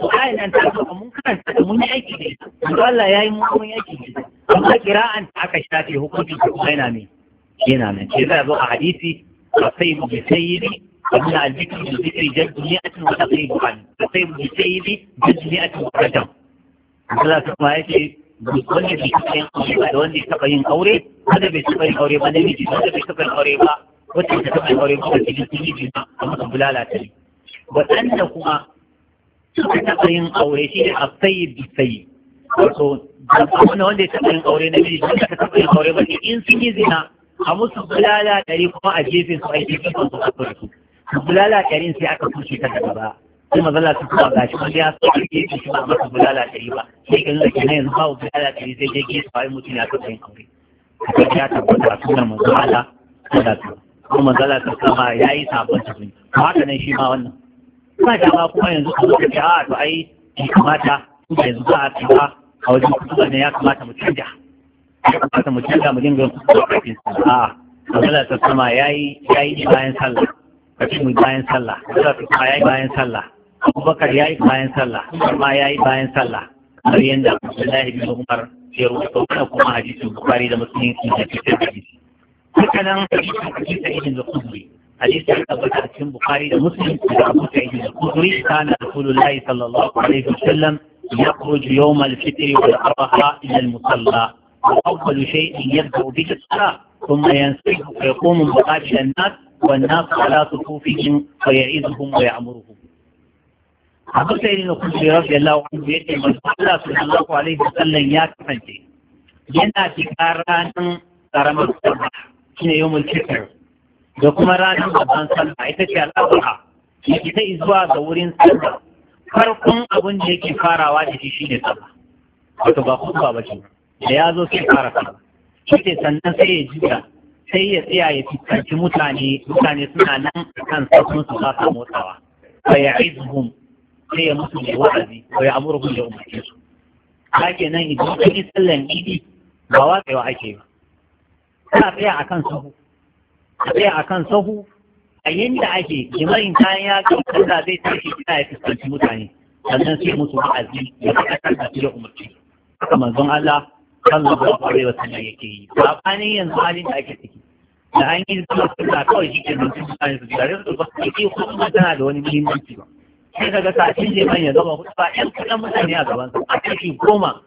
A: to ayan nan ta zo mun karanta ta mun yi aiki da ita to Allah yayi mun mun aiki da ita amma kira'an ta aka shafe hukunci ko yana ne yana ne sai da zo a hadisi sayyidu bi sayyidi ومن الذكر بالذكر جلد مئة وتقريب عنه فسيب بالسيد جلد مئة وقدم. الله سبحانه wanda bai taɓa yin aure ba da wanda ya taɓa yin aure wanda bai taɓa yin aure ba da miji wanda bai taɓa yin aure ba wacce ta taɓa yin aure ba da cikin sun yi juna a masu bulala ta ne waɗanda kuma suka taɓa yin aure shi ne a sayi bi sayi wato da wani wanda ya taɓa yin aure na miji wanda ta taɓa yin aure ba ne in sun yi zina a musu bulala ɗari kuma a jefin su a jefin su a kafin su bulala ɗarin sai aka kushe ta daga ba sai mazala su kuma gashi wani ya sa ke yi shi ba masa bulala ta yi ba sai ka nuna kenan yanzu babu bulala ta yi zai dai gefe bayan mutum ya taɓa yin aure a kan ya tabbata a sunan manzo ta da su kuma mazala ta kama ya yi sabon ta zuni haka nan shi ma wannan ba ma kuma yanzu a lokaci a to ai ya kamata kuma yanzu ba a tsawa a wajen kutuba ne ya kamata mu canja ya kamata mu canja mu dinga kutuba a cikin sana'a mazala ta kama ya yi bayan sallah kafin mu bayan sallah mazala ta kama ya yi bayan sallah أبوبكر يا إبراهيم صلى الله عليه يا إبراهيم صلى الله مريم دام الله بن عمر يرو تقول كما حديث البخاري لما سمعت من حديث الحديث فكان حديث حديث سعيد الخدري حديث أبو بكر بن بخاري مسلم أبو سعيد الخدري كان رسول الله صلى الله عليه وسلم يخرج يوم الفطر والأرخاء إلى المصلى وأول شيء يبدأ به الصلاة ثم ينصرف ويقوم مقابل الناس والناس على صفوفهم ويعيذهم ويعمرهم abu sai ne kun sai rabbi Allah wa ya ce manzo Allah sallallahu alaihi wasallam ya kasance yana shiga ranar karamar sallah shine yawmul fitr da kuma ranar babban sallah ita ce al-adha ita zuwa ga wurin sallah farkon abin da yake farawa da shi shine sallah wato ba khutba ba ce da ya zo sai fara sallah shi sannan sai ya juya sai ya tsaya ya fuskanci mutane mutane suna nan kan sassun su ba motsawa fa ya'izuhum sai ya mutu mai wa'azi ko ya amuru da umarci su ke nan idan ka yi sallan idi ba watsewa ake ba Ta tsaya a kan sahu ka tsaya a kan sahu a yanda ake jimarin kayan ya ga wanda zai tashi kina ya fuskanci mutane sannan sai musu wa'azi ya faɗa kan da umarci haka manzon Allah sallallahu wa wasallam yake yi ne yanzu halin da ake ciki da an yi zuwa kawai shi ke nan mutane su jira yanzu ba su ke kuma tana da wani muhimmanci ba sai ga kafin liman ya zama hudu ba 'yan kaɗan mutane a gaban a kashi goma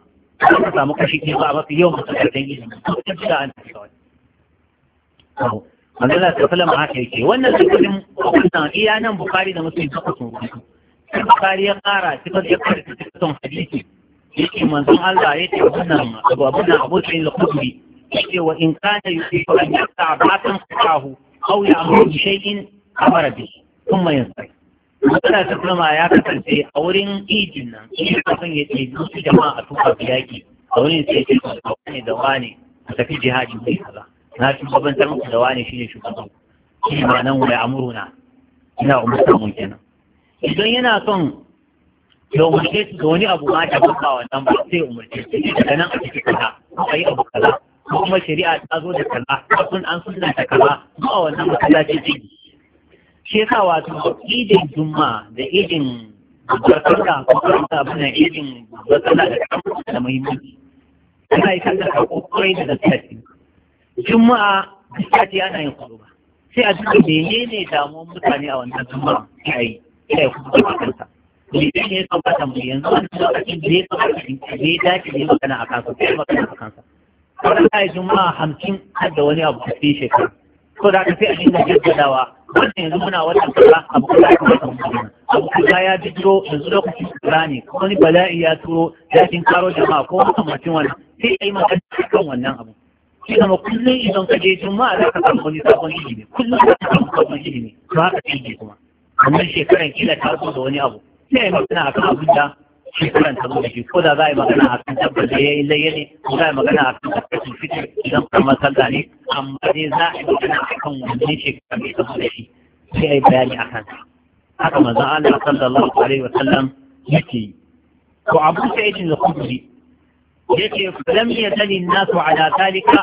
A: samu kashi ba a mafi yawan ilimi ko ta da an tafi haka yake wannan zikirin wannan iya nan Bukhari da Muslim suka sun rubutu. Sai Bukhari ya ƙara cikin ya ƙara cikin hadisi yake manzon Allah ya ce wannan abu abu na yake wa in kana an amara matsala ta kulama ya kasance a wurin ijin nan shi kafin ya ce musu jama'a a tuka biyaki a wurin sai ce ne da wane a tafi jihadi mai kaza na shugabantar muku da wane shi ne shugaban shi ma nan a muruna, ina umurta mun kenan idan yana son ya umarce su da wani abu ma ta buka wannan ba sai umarce su daga nan a cikin kaza ko a yi abu kaza ko kuma shari'a ta zo da kaza ko an sunanta kaza ko a wannan masallaci ce shi yasa wato idin juma da idin babbar sallah ko karanta abin da idin babbar da karanta da muhimmanci ana yi kan da kokarin da gaskati juma'a gaskati ana yin ba. sai a duka menene damuwar mutane a wannan juma'a sai yi sai a kuruba a kansa Lidan ne ya kamata mu yanzu wani lokacin da ya kamata cikin da ya dace ne magana a kansa ya magana a kansa. Wannan yi juma'a hamsin har da wani abu ta fi shekara. Ko da aka sai a dinga jaddadawa wanda yanzu muna wata kaza abu kaza ya kamata mu gina abu kaza ya bijiro yanzu lokacin kaza ne wani bala'i ya turo ya kin karo jama'a ko makamacin wannan sai a yi kan wannan abu shi zama kullum idan ka je juma'a za ka samu wani sabon ilimi kullum za ka samu sabon ilimi ba ka cike kuma wannan shekaran kila ta zo da wani abu sai a yi magana akan abin da shi kuran ta zo da shi ko da za a yi magana a kan tabbar da ya yi layyane ko za a yi magana a kan tabbatin fitar idan kamar sallah ne amma dai za a yi magana a kan wannan shekara mai tafi da shi sai a yi bayani a kan haka manzon Allah sallallahu alaihi wa sallam yake to abu sai yake da kudi yake lam yazali an-nasu ala zalika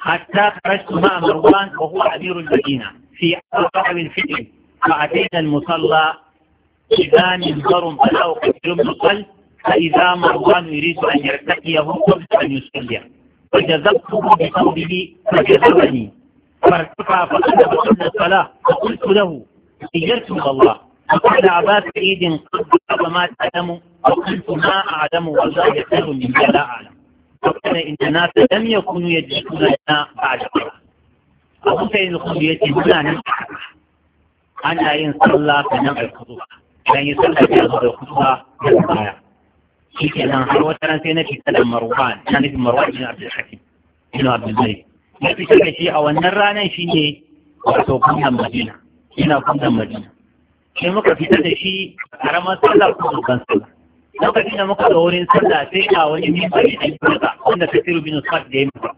A: حتى خرجت مع مروان وهو أمير المدينة في أربع من فجر فأتينا المصلى إذا منذر فلا أقدر من القلب فإذا مروان يريد أن يرتقيه قبل أن يصلي فجذبته بقوله فجذبني فارتفع فقلب قبل الصلاة فقلت له سيرتم الله فقال عباس سعيد قد ذهب ما تعلم وقلت ما أعلم والله خير من لا أعلم وقال إن الناس لم يكونوا يجلسون لنا بعد الصلاة أبو سعيد الخضرية هنا أنا عن إن صلى فنمع الخطوبة idan yi sallah ya zo da kuma da baya shi ke nan har wata ran sai na fita da marwan na nufin marwan ibn abdul hakim ina abdul malik na fita da shi a wannan ranar shi ne wato kunnan madina ina kunnan madina sai muka fita da shi karamar sallah ko dukkan sallah lokacin da muka ga wurin sallah sai a wani mimbari da yi wanda kasiru bin usman da ya mutu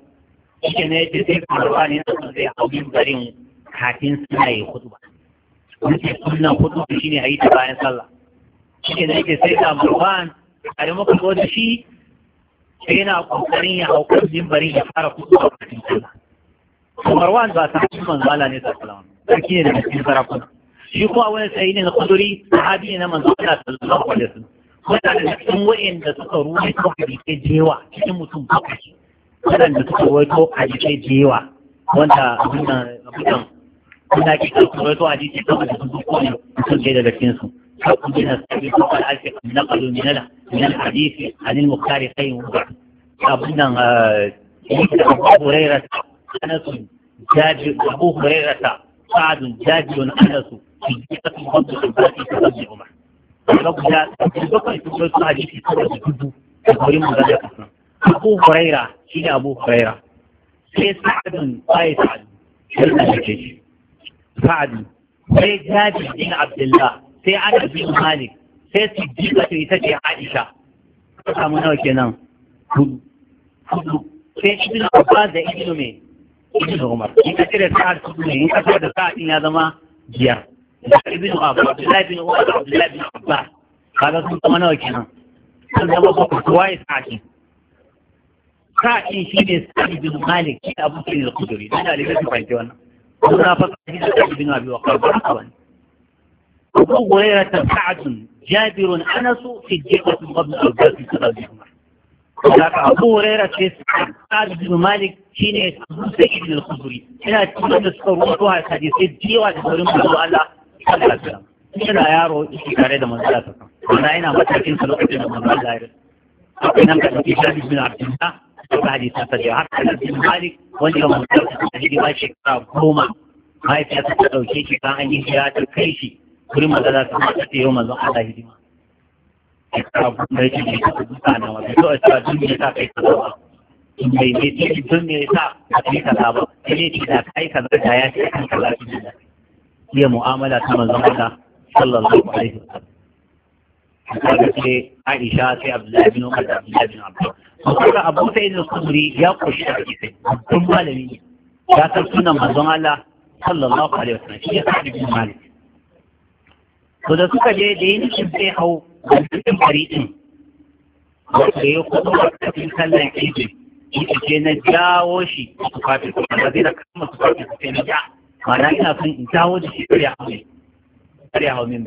A: shi ne ya ce sai marwan ne zai hau mimbarin kafin suna yi hutuba yake sunna kudu shi ne a yi ta bayan sallah
B: shi ne da yake sai da
A: murfan a da muka zo da shi sai yana kokarin ya hau kan mimbarin ya fara kudu a cikin sallah marwan ba sahabin manzo Allah ne sallallahu alaihi wasallam sarki ne da cikin sarakuna shi kuma wani sai ne na kuduri sahabi ne na manzo Allah sallallahu alaihi wasallam wanda da cikin wayanda suka ruwa ko ke jewa cikin mutum bakwai da suka ruwa ko hadisi jewa wanda abin nan abin wanda ake karfin rato a jiki sama da sun ko ne sun ke daga cikin su gina bin asabi ko alfi na qalu min al min hadisi an al kai mubar abin nan ah, Abu Hurairah Anas Jabir Abu Hurairah Sa'd Jabir Anas fi ba Abu Bakr Abu Umar Rabbuna dukkan su su hadisi ko da dudu da mu magana kasan Abu Huraira, shi ne Abu Huraira, sai Sa'd Sa'adu, Sa'd shi ne shi sa'adi sai jabi bin abdullah sai ana bin malik sai siddiqa ce ita ce aisha ka samu nawa kenan hudu hudu sai ibnu abbas da ibnu me ibnu umar in ka cire sa'ad hudu ne in ka cire da sa'ad ya zama biyar da ibnu abbas abdullahi bin umar da abdullahi bin abbas kaga sun zama nawa kenan sun zama bakwai kowa ya sa'ad sa'ad shi ne sa'ad bin malik shi abu sai da kuduri dan da alifin fahimci wannan منافقة بن أبي وقاص عفوا أبو هريرة سعد جابر أنس في الجهة قبل أربعة سنوات ذاك أبو هريرة سعد بن مالك شين أبو سعيد بن الخدري هنا تقول الصروفها الحديث الجيوة من الله صلى الله عليه وسلم yake يا رو manzo Allah wanda ina matakin sa lokacin da manzo Allah ya rasu akwai nan da Ibn عبد الله بعد ta da har wanda mutum ta hidima shekara goma mahaifiyarsa ta dauke shi kan an yi hira ta kai shi wurin magana ta mata ta yau a ta hidima. Shekara goma ya ce ne ta duka na wata to a cewa dun ne sa kai ka zaba. Mai mai ce dun ne sa a kai ka zaba. Sai ne ce da kai ka zaba ya ce kan ka zafi da. Iya mu'amala ta maza Allah
B: sallallahu alaihi
A: wa sallam. Aisha sai Abdullahi bin da bin ya koshi da kike tun malami ya san sunan manzon Allah sallallahu alaihi ya suka je da yin shi hau wannan bari din wato ya kuma ce na jawo shi su zai kama su ina in shi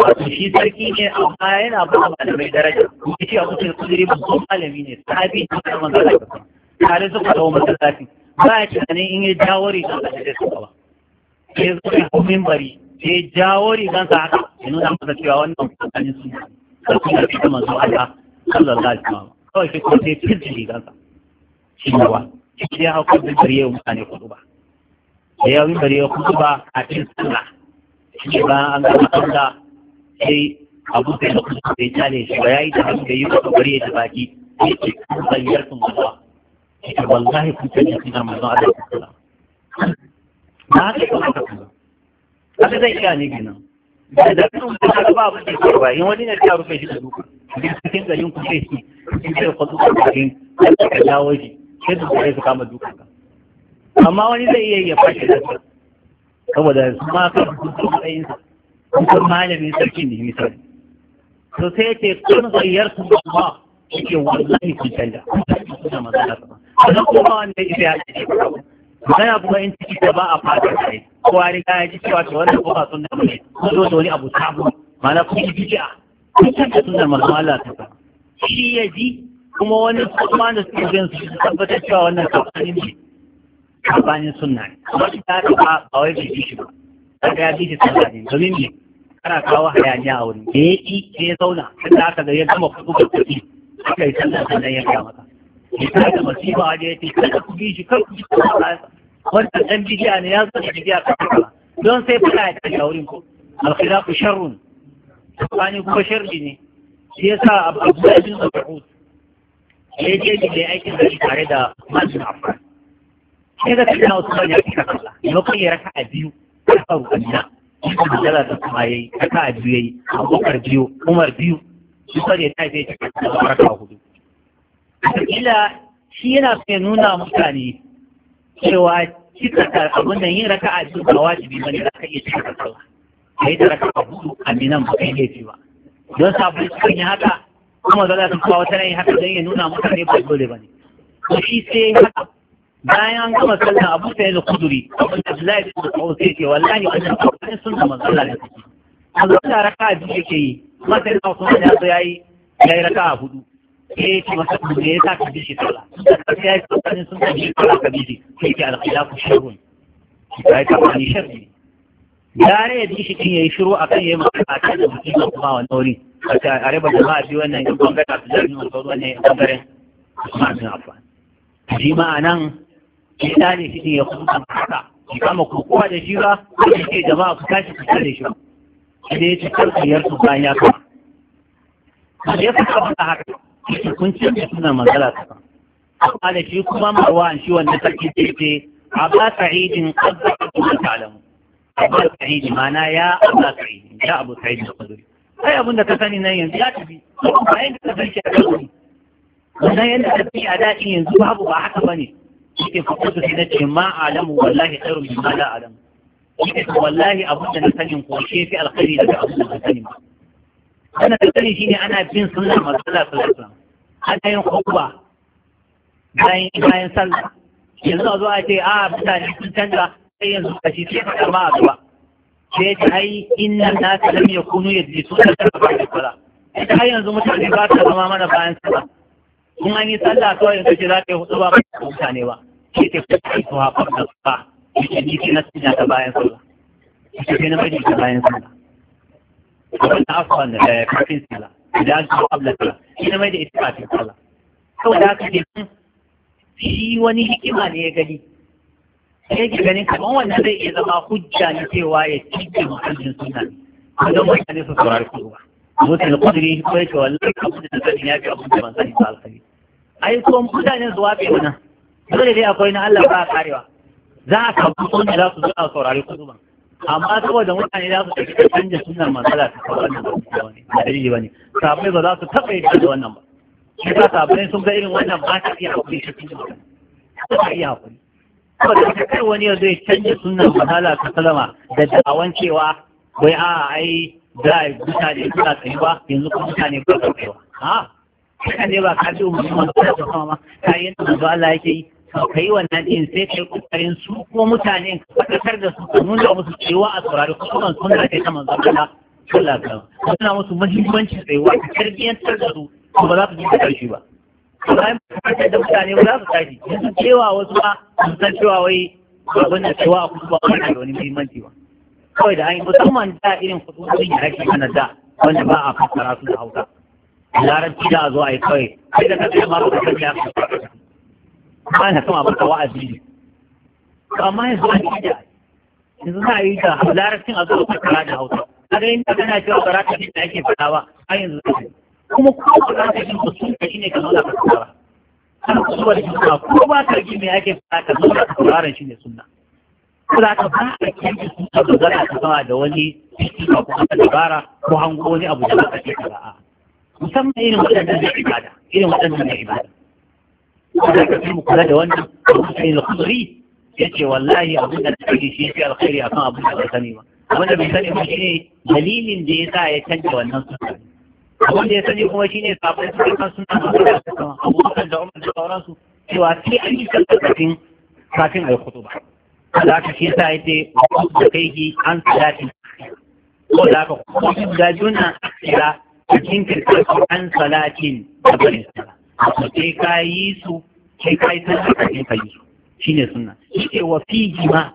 A: wato shi sarki ne amma yana ba ba da mai daraja kuma shi abu sai kudiri ba ko malami ne sabi ne da manzala tare su suka dawo masallaci ba ya tunanin in ya jawo rigan sa da suka ba sai zo ya kuma min bari, ya jawo rigan sa haka ya nuna masa cewa wannan kusanin su sarki da fita manzo Allah sallallahu alaihi wasallam kawai shi kuma sai fitce rigan sa shi ne ba shi ya hau kudin bari ya yau mutane kudu ba ya yi bari ya kudu ba a cikin sallah shi ba an gama sallah sai abu sai da kuma bai tale shi ba yayi da hannu da yi kuka bari ya tabaki Ya ce kun bayyar sun gaba ita wallahi kun tanya sunan manzon Allah sallallahu alaihi wasallam na ka kuma ka kuma haka zai iya ne gina da da kun da ba abin da ke ba yin wani ne ta rufe shi da duka din cikin garin ku sai shi in sai ku duka garin ka dawo shi sai da sai su kama duka amma wani zai iya yi ya fashe da saboda su ma ka su su kusan malamin sarkin ne misali to sai ce kun zayyartu ba Kike wallahi kun canza kuna magana ba kuma kuma wanda ya ce magana kuma in ciki ta ba a fata sai ko a riga ya ji cewa to wannan kuma da ne ko zo da wani abu sabu mana ku yi bid'a kun canza sunnar manzon Allah ta ba shi ya ji kuma wani kuma da suke jin su tabbatar cewa wannan kafani ne kafanin sunna ne amma ta ba a wai bi shi ba ta ga bi shi sunna ne domin ne ana kawo hayaniya a wuri? da ya ƙi ya zauna inda aka ga ya gama kuɗi da kuɗi aka yi sallah sannan ya gaya maka ya ta da masifa da ya ce kada ku bi shi kar ku bi wannan ɗan bidiya ne ya zo da bidiya ka fara don sai fara ya tashi a wurin ko alkhilafu sharrun tsakani kuma sharri ne shi yasa abu da bin mas'ud ya je da ya aikin da tare da masu afran sai ga kana usman ya fita kasa? ne ko ya raka a biyu a rukunna Ita magana da kuma ya yi, ta ka biyu ya yi, abubakar biyu, umar biyu, shi sani ta fi ya da hudu. Wataƙila shi yana so ya nuna mutane cewa cikakar abin da yin raka a biyu ba wajibi ba ne za ka iya sallah. Ka yi da raka a hudu a minan ba kai laifi ba. Don sabon cikin ya haka kuma za ta kuma wata yi haka don ya nuna mutane ba dole ba ne. shi sai haka bayan an gama sallah abu sai da kuduri abin da Abdullahi bin Mas'ud sai ce wallahi wannan abin da Allah ta biyu yake yi kuma sai da ya zo yayi yayi hudu ce masa ka shi yayi sun da sallah ka sai al-khilafu sai ka bani sharri dare ya bi shi yayi shiru akan yayi magana ta da mutum kuma a raba jama'a biyu wannan in bangaren Abdullahi bin Mas'ud wannan Usman bin ma'anan ina ne shi ya kuma haka ki kama kokowa da shi ba ko ki ce jama'a ku tashi ku tare shi ba sai ya ce karfiyar su bayan ya kama ya fi kama haka ki kun ce da suna manzala ta ba amma da shi kuma marwan shi wanda sarki ce ce abba sa'idin qadda ku ta'lamu abba sa'idi mana ya abba sa'idi ya abu sa'idi da kuduri ai abin da ka sani nan yanzu ya tafi bayan da ka san shi a kan wannan yanda ka fi a daɗin yanzu babu ba haka bane yake kuɗin su sai na ce ma alamu wallahi tsaro min ma la alamu yake wallahi abin da na sanin ko shi fi alkhairi daga abin da na sani. ba wannan da sani shine ana bin sunnar masala sallallahu ana yin khutba bayan bayan sallah yanzu a zo a ce a ah, mutane sun canza sai yanzu shi sai ka kama a gaba sai ta ai inna na kunu ya ji yajlisu da karfa da kula ita har yanzu mutane ba ta zama mana bayan sallah Kuma ni sallah kawai yanzu ce za ta yi hudu ba mutane ba yake fitar su haƙar da ba yake ni ke na sanya ta bayan sallah yake ke na bari ta bayan sallah abin da afuwan da ya kafin sallah idan an kawo abla sallah shi na mai da ita kafin sallah kawai da haka ke shi wani hikima ne ya gani sai ke ganin kamar wannan zai iya zama hujja ne cewa ya cike muhallin suna ne don mutane su saurari kowa mutum da kudiri ko yake wallahi abin da sani ya fi abin da ban sani ba alkhairi ai ko mutane zuwa bai wannan dole dai akwai na Allah ba a karewa za a samu sunna za su zo a saurari kuzuban amma saboda mutane za su tafi da canja sunan matsala ta kawo wannan ba dalili ba ne sabai ba za su taɓa yadda da wannan ba shi ka sabai sun ga irin wannan ba ta iya hakuri shi cikin ba ta iya hakuri saboda ta kai wani yanzu ya canja sunan matsala ta salama da da'awan cewa wai a ai za a mutane suna tsayi ba yanzu kuma mutane ba su tsayi ba ha kan ne ba ka ji umarni masu kuma ma ka yi yadda manzo Allah yake yi to kai wannan din sai kai kokarin su ko mutane ka fadakar da su ka nuna musu cewa a saurari kuma da kai ta manzon Allah sallallahu alaihi wasallam suna musu muhimmanci tsayuwa ka tarbiyantar da su ko ba za su ji da karshe ba bayan fadakar da mutane ba za su tashi yanzu cewa wasu ba sun san cewa wai abin da cewa a ba ku da wani muhimmanci ba kawai da an yi musamman da irin kusurin da ake kana da wanda ba a fassara su da hausa larabci da a zo a yi kawai sai da ta kai ma ka kai ya ba na sama baka wa'azi ne amma yanzu an yi da yanzu za a yi da larabcin a zuwa da hausa kaga yin da kana cewa ba za da ake faɗa ba har yanzu za kuma ko ba za ka yi ba sun ka shi ne ka nuna ka kakara kan kusurwa da suna ko ba ka yi mai ake faɗa ka nuna ka kakara shi ne suna ko za ka ba a kyanci sun ka dogara ta zama da wani fiti ko aka dabara ko hango wani abu da ba ka ce ka ba'a musamman irin waɗannan na ibada irin waɗannan na ibada wanda ka fi kula da wannan Hussein al-Khudri yace wallahi abin da take shi fi alkhairi akan abin da ba sani ba abin da bai sani ba shine dalilin da yasa ya canja wannan sunna abin da ya sani kuma shine sabon sunna sunna da Abubakar da Umar da sauransu cewa sai an yi kafin kafin ayi khutuba da aka shi sa yace da kai an salati ko da aka kuma a cikin an abu sai ka yi su sai ka yi sallah kafin ka yi su shine sunna yake wa fihi ma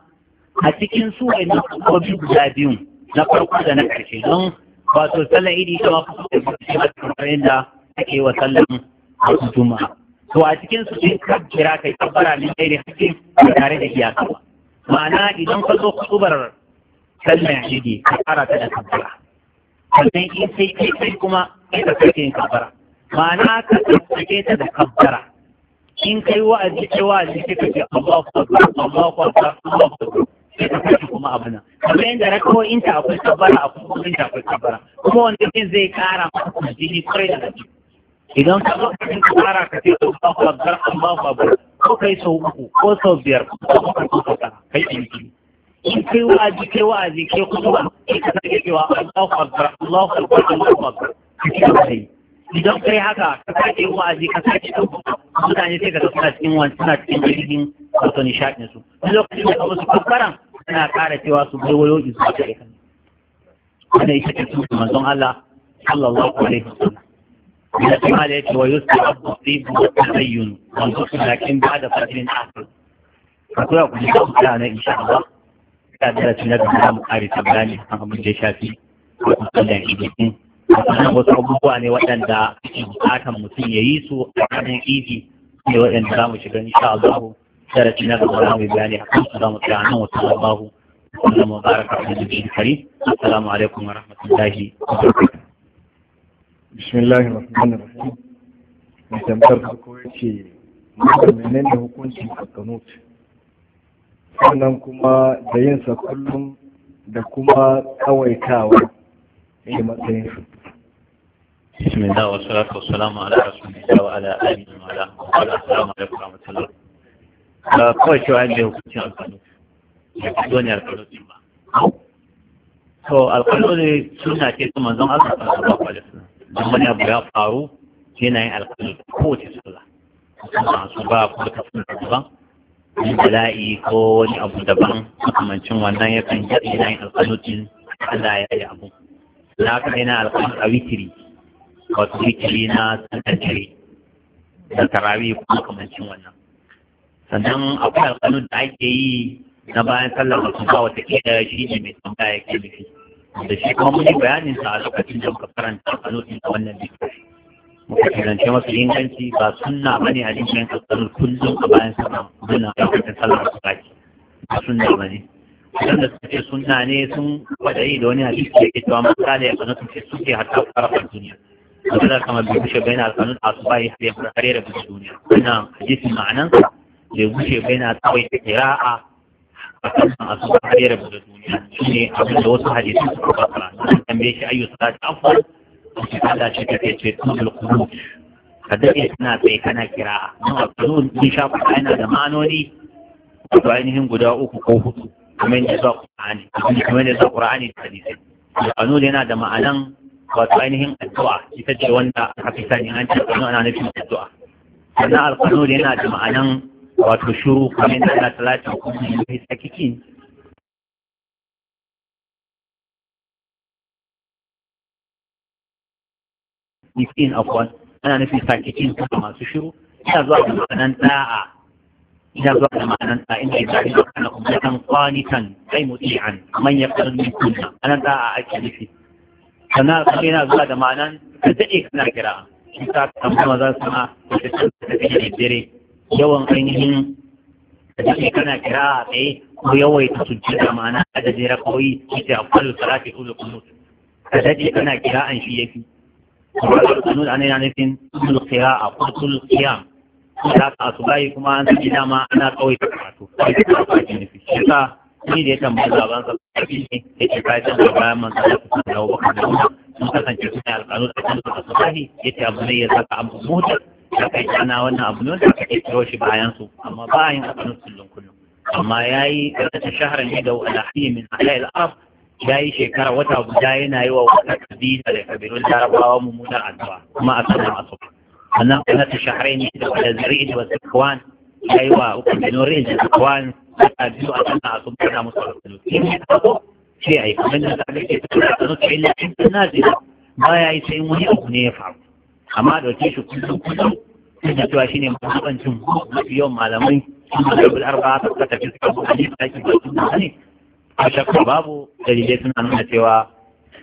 A: a cikin su wai na kobi guda biyu na farko da na ƙarshe. don wato sallar idi ita ma kuma da kuma kamar yadda ake wa sallar wasu juma'a to a cikin su sai ka kira kai kabbara min gairi hakki ba tare da iyaka ba ma'ana idan ka zo kutubar sallar idi ka fara ta da kabbara sannan in sai kai sai kuma sai ka sake yin kabbara ma'ana ka tsaftace ta da kabbara in kai wa'azi kai wa'azi sai ka ce Allahu akbar Allahu akbar Allahu akbar sai ka kace kuma abin nan kamar yadda rakawoyin ta akwai kabbara akwai kullun ta akwai kabbara kuma wanda din zai kara maka jini kwarai da gaske idan ka zo cikin kabbara ka ce Allahu akbar Allahu akbar ko kai sau uku ko sau biyar ko kuma kai ɗin in kai wa'azi kai wa'azi kai kuma kai ka sake cewa Allahu akbar Allahu akbar Allahu akbar kai idan kai haka ka sake yin wa'azi ka sake ɗauka mutane sai ka suna cikin wani suna cikin jirgin wato nishaɗin su wani lokacin da kawo su kakkaran suna ƙara cewa su bai wayo su a kai kan isa ita ce tuntun manzon Allah sallallahu alaihi wasallam ina kuma da yake wayo su abu tsibu da tabayyun wanzu su na kin ba da fasirin asir ka koya ku su kuma na insha Allah ta da tunar da mu ƙari tabbani kan abin da ya shafi ko kuma da wannan wasu abubuwa ne waɗanda ake bukatan mutum ya yi su a ranar idi ne waɗanda za mu shiga insha Allah darasi na gaba za mu bayani a kan za mu tsaya nan wata labahu wanda mu baraka da jikin kari assalamu alaikum wa rahmatullahi wa barakatuh
C: bismillahir rahmanir rahim mai tambayar farko yace menene hukuncin kakanut sannan kuma da yin sa kullum da kuma kawaitawa ne matsayin su
A: بسم الله والصلاة والسلام على رسول الله وعلى آله وعلى السلام عليكم ورحمة الله
B: kawai cewa da kudo ne alƙalu
A: ɗin to alƙalu suna ce su manzon Allah ta saba kwa da suna don wani abu ya faru yana yin alƙalu kowace sallah
B: musamman su ba ko ta
A: suna daban wani bala'i ko wani abu daban makamancin wannan yakan yana yin alƙalu ɗin Allah ya na haka yana a witiri wato zikiri na tantance da tarawi kuma kamancin wannan sannan akwai alƙalun da ake yi na bayan sallar wasu ba wata ke da shi ne mai tambaya ke nufi da shi kuma muni bayanin sa a lokacin da muka karanta alƙalun da wannan littafi muka kirance masu inganci ba sunna ba ne a jikin alƙalun kullum a bayan sallar a lokacin sallar wasu ba ce ba sunna ba ne waɗanda suka ce sunna ne sun kwadayi da wani hadisi da ke cewa masu kare a kanatun ce suke hatta farafar duniya Ka kama bai bushe bai na kanuni a su bai har yanzu har yanzu har yanzu har yana guda duniya. Baina ajiye ma'anansu bai bushe bai na samai ta kira. A kanun asusun har yanzu har yanzu har duniya. Su ne a da wata ajiye su su ƙararra'a. Na san dambe shi ayyukan za ta yi aiki. Wace ta yi aiki? Ta ce ce ta ce ta ce ta ce ta shirya. Kullum ta daidaita na tseka ta kira. Kullum yana da ma'anoni. Kullum ta ne uku ko hutu. Kuma yanzu za ku ra'ani. Kullum ta za ku ra'ani ta hadiza. Kullum yana da wato ainihin addu'a ita ce wanda aka fi sani an ce kano ana nufin addu'a sannan alkano da yana da ma'anan wato shuru kamar da ana talatin kuma yi tsakiki miskin afwan ana nufin tsakiki kuma masu shiru ina zuwa da ma'anan ta'a ina zuwa da ma'anan ta'a ina yi da kana kuma kan kwanitan kai muti'an man ya karin min kunna anan ta'a ake nufi sannan kuma yana zuwa da ma'anan ka daɗe kana kira shi ta kamar maza suna da ta tafi da dare yawan ainihin ka daɗe kana kira a tsaye ko yawaita da ma'ana da adadin kawai, shi ta kwallo salati ko da kunut
B: ka daɗe kana
A: kira an shi yafi kunut ana yana nufin kutul a kutul qiyam da ka asubahi kuma an sani dama ana kawai ta karatu kawai ta karatu ta nufi shi ta ni da ya tambayi zaben sa karfi ne ya ce ka ce da bayan man sa ku da wa ka da sun kasance suna alƙalu da kan su su sahi ya ce abu ne ya saka an mutu da kai kana wannan abu ne da kake kiro shi bayan su amma bayan alƙalu kullum kullum amma ya yi yayi ta shahara ne da alahiyyi min ahlil arab yi shekara wata guda yana yi wa wata kabila da kabilun larabawa mummunar addu'a kuma a sanar a sauka Wannan kuma ta shahara ne da wani zari'i da wasu kwan yayi wa kabilun rin da kwan a biyu a kan sun fada musu alƙalu in ya taso sai a yi kamar da zaɓe ke fito da kanu sai na in tana zira ba ya yi sai wani abu ne ya faru amma da ke shi kullum kullum sun da cewa shine mahimmancin mafi yawan malamai sun da zaɓi arba ta tafi suka bu a nisa ake ba sun da ne a shakka babu dalilai suna nuna cewa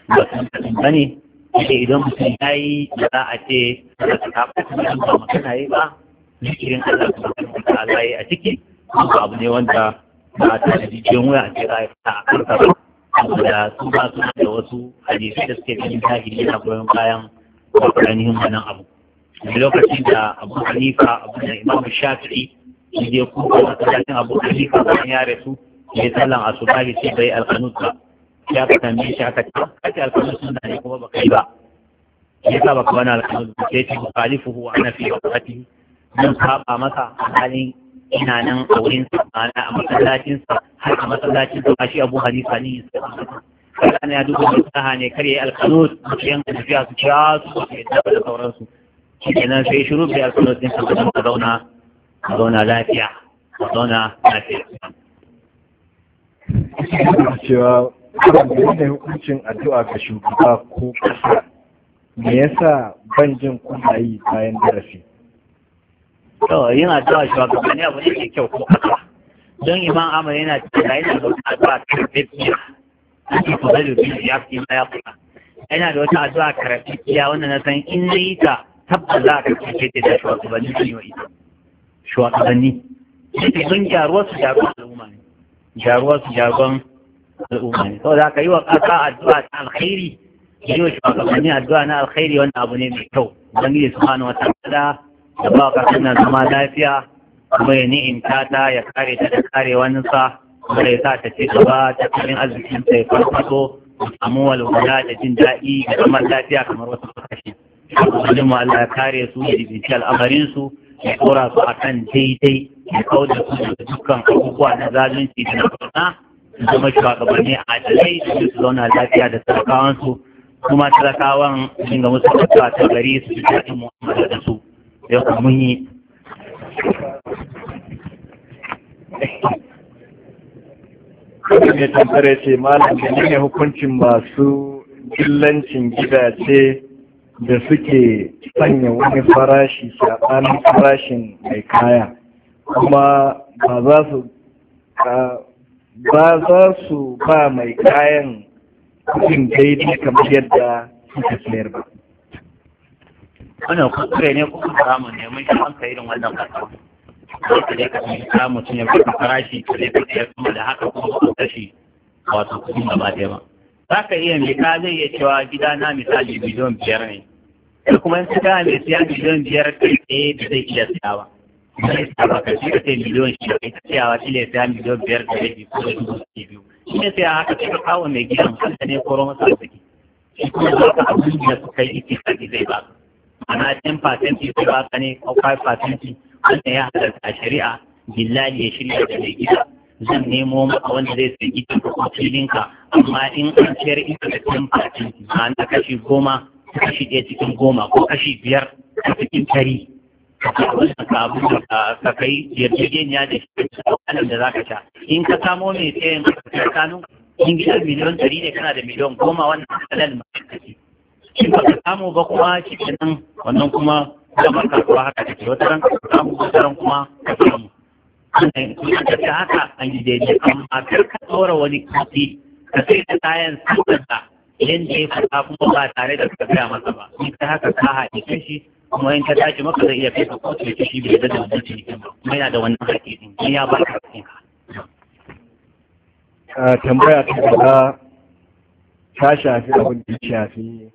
A: ba sun da sun ne sai idan mutum ya yi da a ce da ta kafa ba da magana yi ba zikirin Allah subhanahu wa ta'ala yi a ciki kuma abu ne wanda ba ta da jijiyoyin wuya a ce a karka ba saboda su ba su da wasu hadisi da suke ganin tahiri na goyon bayan wato ainihin wannan abu a lokacin da abu hanifa abu da imam shafi'i shi je kuka a tsakanin abu hanifa bayan ya rasu ya a asubahi sai bai alkanut ba ya ka tambaye shi haka ta kake alkanut suna ne kuma ba kai ba ya sa baka wani alkanut ba sai ce mukhalifuhu ana fi waqtihi mun saba masa halin ina nan a wurin sabana a masallacin sa har a masallacin sa shi Abu Hanifa ne ya sa kada ana duba fasaha ne kare alqanut yan tafiya su ciya su da sauransu kenan sai shiru bai alqanut din sabana ka zauna ka zauna lafiya ka zauna lafiya cewa
C: da hukuncin addu'a ga shugaba ko kasa me yasa ban jin kuna yi bayan darasi
A: to yin addu'a shugabanni abu ne mai kyau kuma haka don Iman amur yana cewa yana da wata addu'a karfafiya ake kuma da biyu ya fi ma ya kuma yana da wata addu'a karfe karfafiya wanda na san in zai yi ta tabbas za a karfe karfafe ta da shugabanni sun yi ita shugabanni yake sun gyaruwar su gyaruwar al'umma ne gyaruwar su gyaruwar al'umma ne saboda haka yi wa ƙasa addu'a ta alkhairi yi wa shugabanni addu'a na alkhairi wani abu ne mai kyau ubangiji hannu wa ta'ala da ba ka suna zama lafiya kuma ya ni'imta ta ya kare ta da kare sa kuma ya sa ta ci gaba ta karin arzikin ta ya farfaso samu walwala da jin daɗi da zaman lafiya kamar wasu kasashe. Ubangijin mu Allah ya kare su ya jibinci al'amarin su ya tsora su a kan daidai ya kawo da su da dukkan abubuwa na zalunci da na su zama shugabanni a adalai da su zauna lafiya da talakawansu kuma talakawan sun ga musu ta gari su ji daɗin mu'amala da su. ya kuma yi ne ce
C: malam da ne hukuncin masu jillancin gidace da suke sanya wani farashi shaɗanin farashin mai kaya kuma ba za su ba za su ba mai kayan kudin daidai kamar yadda suka sayar ba
A: wannan kuskure ne kuma haramun ne mun shi an kai irin wannan fata sai ka je ka san mutum ya kuka farashi ka je ka sayar kuma da haka kuma ba kashi wato kuɗin gaba ɗaya ba za ka iya mika zai iya cewa gida na misali biliyon biyar ne sai kuma in suka mai siya miliyon biyar kai tsaye da zai iya siya ba zai siya ba ka shi ka sai miliyon shi kai ta siyawa shi ne siya miliyon biyar da rabi ko da dubu ɗaya biyu shi ne siya haka sai ka kawo mai gidan kanka ne koro masa arziki shi kuma za ka abin da suka yi ikisaki zai ba ka Ana 10% sai ba ka ne ko 5% wannan ya halarta a shari'a billahi ya shirya da mai gida zan nemo maka wanda zai sai gida ko filinka amma in an ciyar ita da 10% ma'ana kashi goma kashi ɗaya cikin goma ko kashi biyar a cikin tari ka kai yarjejeniya da shi kanan da za ka sha in ka samo mai tsayin tsakanin in gidan miliyon ɗari ne kana da miliyon goma wannan halal mai Shin ba ka samu ba kuma shi kenan wannan kuma zaman kasuwa haka take wata ran ka samu wata ran kuma ka samu wannan kuma ka ta haka an yi daidai amma kar ka tsora wani kafi ka sai da kayan sanarsa yadda ya fata kuma ba tare da ka gaya masa ba in ka haka ka haɗe kan shi kuma in ka tashi maka zai iya kai ko kotu ya shi bai da wannan cinikin ba kuma yana da wannan hakikin, din in ya ba ka cikin ka.
C: tambaya ta gaba ta shafi abin da ya shafi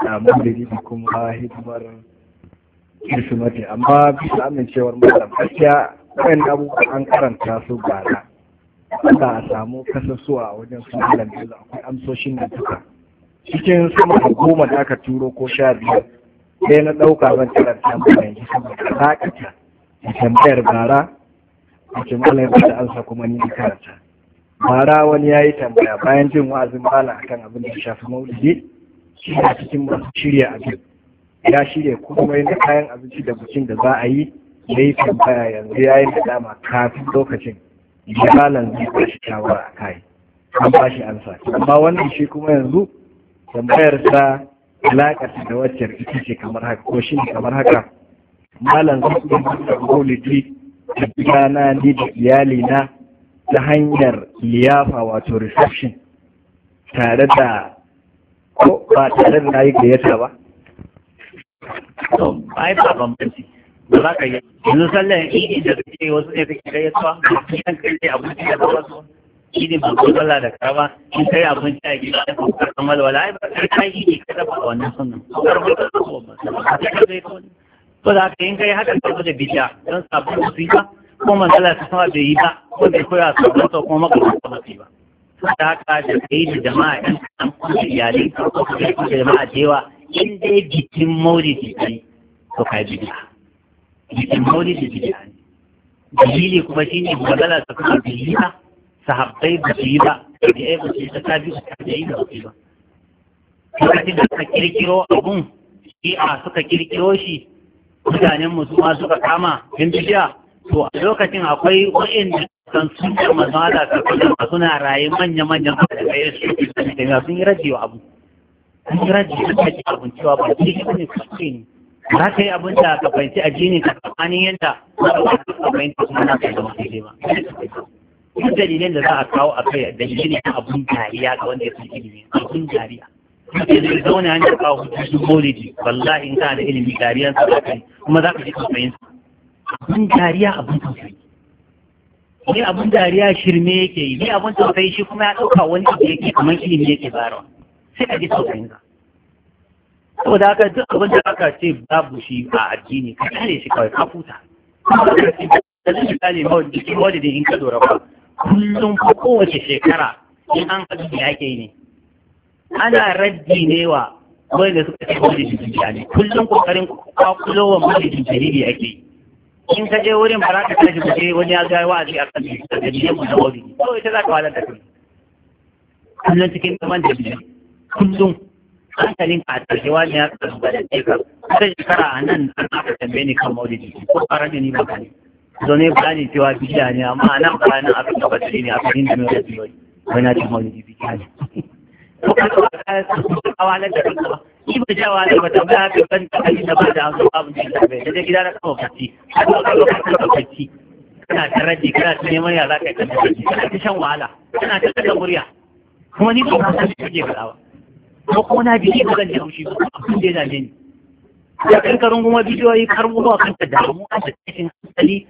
C: a maulidi da kuma hidimar kirsimati amma bisa amincewar malam gaskiya wayan abubuwan an karanta su gara Allah a samu kasasuwa wajen su malam bello akwai amsoshin da duka cikin sama da goma da aka turo ko sha biyar sai na ɗauka zan karanta mu yanzu saboda zakata da tambayar gara a ce malam ya da ansa kuma ni karanta bara wani ya yi tambaya bayan jin wa'azin malam akan abin da shafi maulidi shirya cikin masu shirya abin ya shirya komai na kayan abinci da bikin da za a yi ya yi tambaya yanzu ya yi da dama kafin lokacin ya ranar zai ba shi shawara a kai an ba shi ansa amma wannan shi kuma yanzu sa alaƙarsa da waccar ita ce kamar haka ko shi ne kamar haka malam zai iya mutu maulidi da gidana ni da na ta hanyar liyafa wato reception
A: tare da ko ba tare da yi gayyata ba to ai ba bambanci ba za ka yi yanzu sallan idi da kake wasu ne kake gayyatawa kan kai dai abinci da ba su ne ba ko sallah da karama in kai abinci a gida da kuma karama da wala ai ba kai kai yi kada ba wannan sunan ko karama da ko ba ko da kai in kai haka ka da bija don sabon su yi ba ko man manzala ta sama bai yi ba ko bai koya sabon ko kuma makamantan ba sadaka da kai da jama'a ɗan kan kuma iyali ko kuma jama'a da in dai mauri da kai to kai bid'a bikin maulidi bid'a ne dalili kuma shi shine magana ta kuma bid'a sahabbai ba su yi ba da ai ba su yi ta tabi su ta yi ba su yi ba lokacin da suka kirkiro abun shi'a suka kirkiro shi mutanen ma suka kama yan bid'a to a lokacin akwai wa'inda kan sun da mazala ta kudin suna raye manya-manyan malamai su da sun yi rajewa abu sun yi rajewa ta ji abin cewa ba su yi ne kuskure ne za ka yi abin da ka fahimci a jini ka tsakanin yadda za ka fahimci ka fahimci kuma na ka zama daidai ba duk dalilin da za a kawo a kai dalilin ne abun dariya ga wanda ya san ilimi abun dariya yanzu zaune hanyar kawo hujjojin maulidi wallahi in kana da ilimi dariyar sa kai kuma za ka ji ka fahimci abin dariya abin tausayi ne abin dariya shirme yake yi ne abin tausayi shi kuma ya ɗauka wani abu yake kamar ilimi yake bayarwa sai a ji tausayin ka saboda haka duk abin da aka ce babu shi a addini ka kare shi kawai ka futa da zai misali mawajikin walidin in ka dora ba kullum ko kowace shekara in an haɗu da ake ne ana raddi ne wa wanda suka ce walidin jinjani kullum kokarin kwakulo wa walidin jariri ake yi in ka je wurin ba za ka tashi ku je wani ya ga wa'azi a kan tarbiyyar mu da wuri to ita za ka wala da kai kullum cikin zaman da biyu kullum hankalin ka a tashi wani ya kasu ba da kai ka ta shekara a nan an aka tambaye ni kan maulidi ko ƙarar da ni ba ne zaune ni cewa bidiya ne amma a nan bayanan abin da tabbatar ne a kan yin da mai wani wani na cin maulidi bidiya ne awalar da shi ka ban ta kai a kana kana neman za kana ta shan wahala kana ta kada murya kuma ni ba san shi ke ba kuma na ba zan ba abin da yana da ya kan kuma bidiyoyi kan ta damuwa da cikin hankali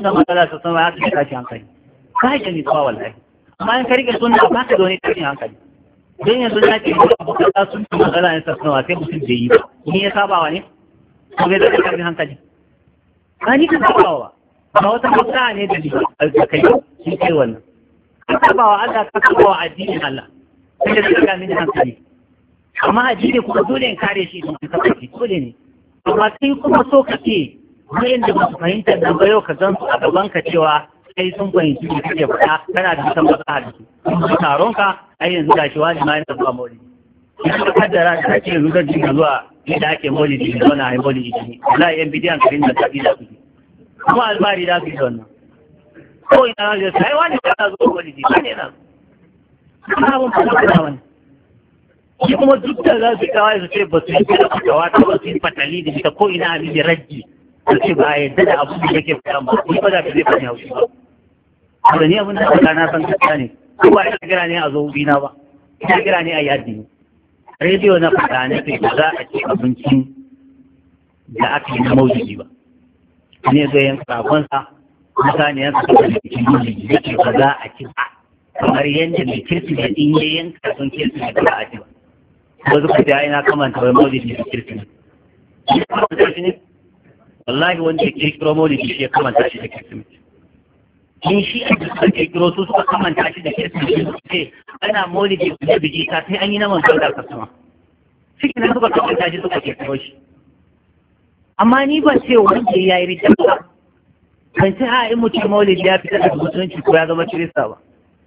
A: da matsala sama ya ta hankali ka haƙe ni kuma wallahi bayan in ka rike sunna ba ka da wani tashin hankali don yanzu na ke yi abu ta sun ta magana ne sassawa sai mutum bai yi ba ni ya saba wa ne ko bai zaka karbi hankali ba ni ka saba wa ba wata mutsa ne da ni da kai shi kai wannan ka saba wa Allah ka saba wa addinin Allah sai da ka mini hankali amma addini kuma dole in kare shi don ka saba shi dole ne amma sai kuma so kake wayan da ba su fahimta da ba yau ka zan su a gaban ka cewa kai sun fahimci ne kake faɗa kana da bisan matsala da su kuma taron ka ai yanzu ga shi wani ma yana zuwa maulidi idan ka kaddara da kake yanzu zan dinga zuwa inda ake maulidi da zauna a yi maulidi da ni wallahi yan bidiyan karin da kaɗi da kuke kuma albari da su wannan ko ina na zai sai wani kana zuwa maulidi ba ne na kuma abun fata da wani shi kuma duk da za su kawai su ce ba su yi da kawai ta ba su yi fatali da ita ko ina abin da raggi? su ce ba a yadda da abubuwa da yake fara ba ba za su zai fata shi ba da ni abin da aka na san kasa ne ko ba ina kira ne a zo bina ba ina kira ne a yadi ne rediyo na fata ne ke za a ci abincin da aka yi na maujidi ba ne zai yanka sakonsa ne yanka sakonsa da ke maujidi ya ce ba za a ci ba kamar yadda mai kirki da in ya yanka sun kirki da ba a ci ba ba zuka ta na kamanta wai maulidi da kirki ne ya kamanta shi wallahi wanda ya kirkiro maulidi shi ya kamanta shi da kirki ne in shi a duk suka kiro su suka kamanta shi da kirkin shi ce ana maulidi da biji ta sai an yi naman sauda da sama shi ne suka kamanta shi suka kiro shi amma ni ban ce wanda ya yi rikin ba ban ce a in mutum maulidi ya fitar da mutunci ko ya zama kirista ba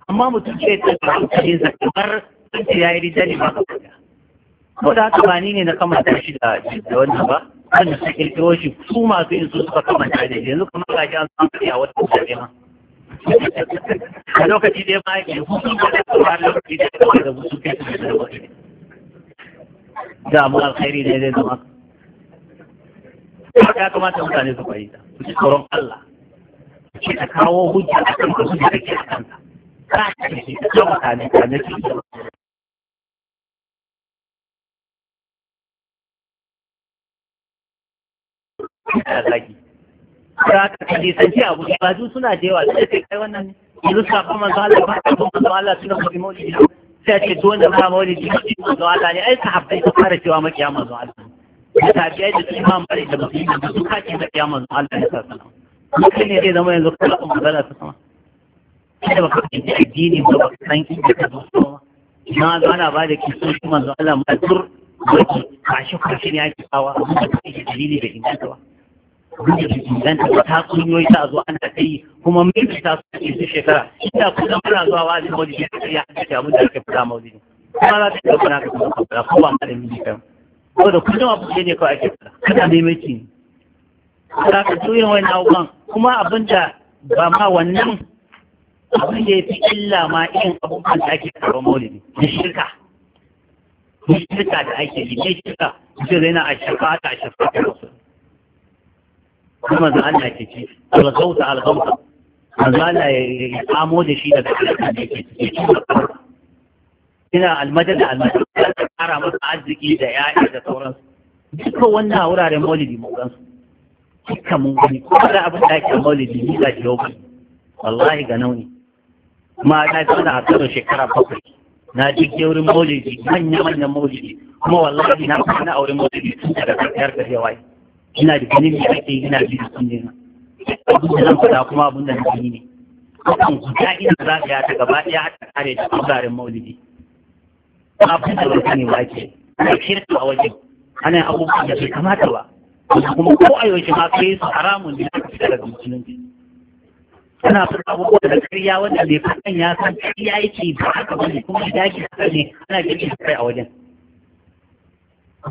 A: amma mutum ce ta kamanta sa kamar sun ce ya yi rikin ba ka ko da haka ba ni ne na kamanta shi da wannan ba wannan su kirkiro shi su masu yin su suka kamanta da shi yanzu kamar gashi an samu a wata mutane ma a lokaci dai ma ke hukun da kuma lokaci da da musu da wani da mu alkhairi ne kamata mutane su fahimta su ci Allah ce kawo hujja a kan da a ka
B: ce shi ka mutane ka ne
A: Thank you. za ka kalisanci abu ba su suna da yawa sai kai kai wannan yanzu sabon manzo Allah ba sabon manzo Allah suna kuma maulidi sai ce to wanda ba maulidi manzo Allah ne ai sahabbai su fara cewa makiya manzo Allah da tabiya da su ma bari da musulmi da su kace makiya manzo Allah ne sai mutum ne zai zama yanzu kala kuma zala ta sama kada baka fahimci addini ba baka san inda ka zo na zo ana ba da kisoshi manzo Allah ma tur baki kashi kashi ne ake kawa amma ba ta dalili da inganta ba duk da jiki dan ta ta kunyoyi ta zo ana kai kuma mun ta su ke su shekara ina kuma muna zuwa wa azin maulidi ta ya ta abin da ake fara maulidi kuma za ta ga kuna ka kuma fara ko ba ma da miji kan ko da kullum abu ne kawai ake fara kada mai dai miki ka ka tuyin wani abubuwan kuma abin da ba ma wannan abin da ya fi illa ma irin abubuwan da ake karɓar maulidi da shirka da shirka da ake yi da shirka da zai na a shafa ta a shafa ta kuma za Allah ke ci algauta algauta manzo Allah ya kamo da shi daga da ina almajad da almajad ta kara masa arziki da ya'ya da sauransu duka wannan wuraren maulidi mu gansu duka mun gani ko da abin da ake maulidi ni da yau wallahi ga nauni kuma na ji na a shekara bakwai na ji wurin maulidi manya-manyan maulidi kuma wallahi na kuma na auren maulidi tun da karkar da yawai ina da ganin da ake ina da sun ne abin da zan fada kuma abin da na ne akan guda ina za ka yata gaba ɗaya har ta kare da ɓangaren maulidi abin da wata ne wake ana shirka a wajen ana abubuwan da bai kamata ba kuma ko a yaushe ma kai su haramun da aka fita daga musulunci ana fara abubuwa da karya wanda mai fatan ya san karya yake ba haka bane kuma da ke haka ne ana ganin kai a wajen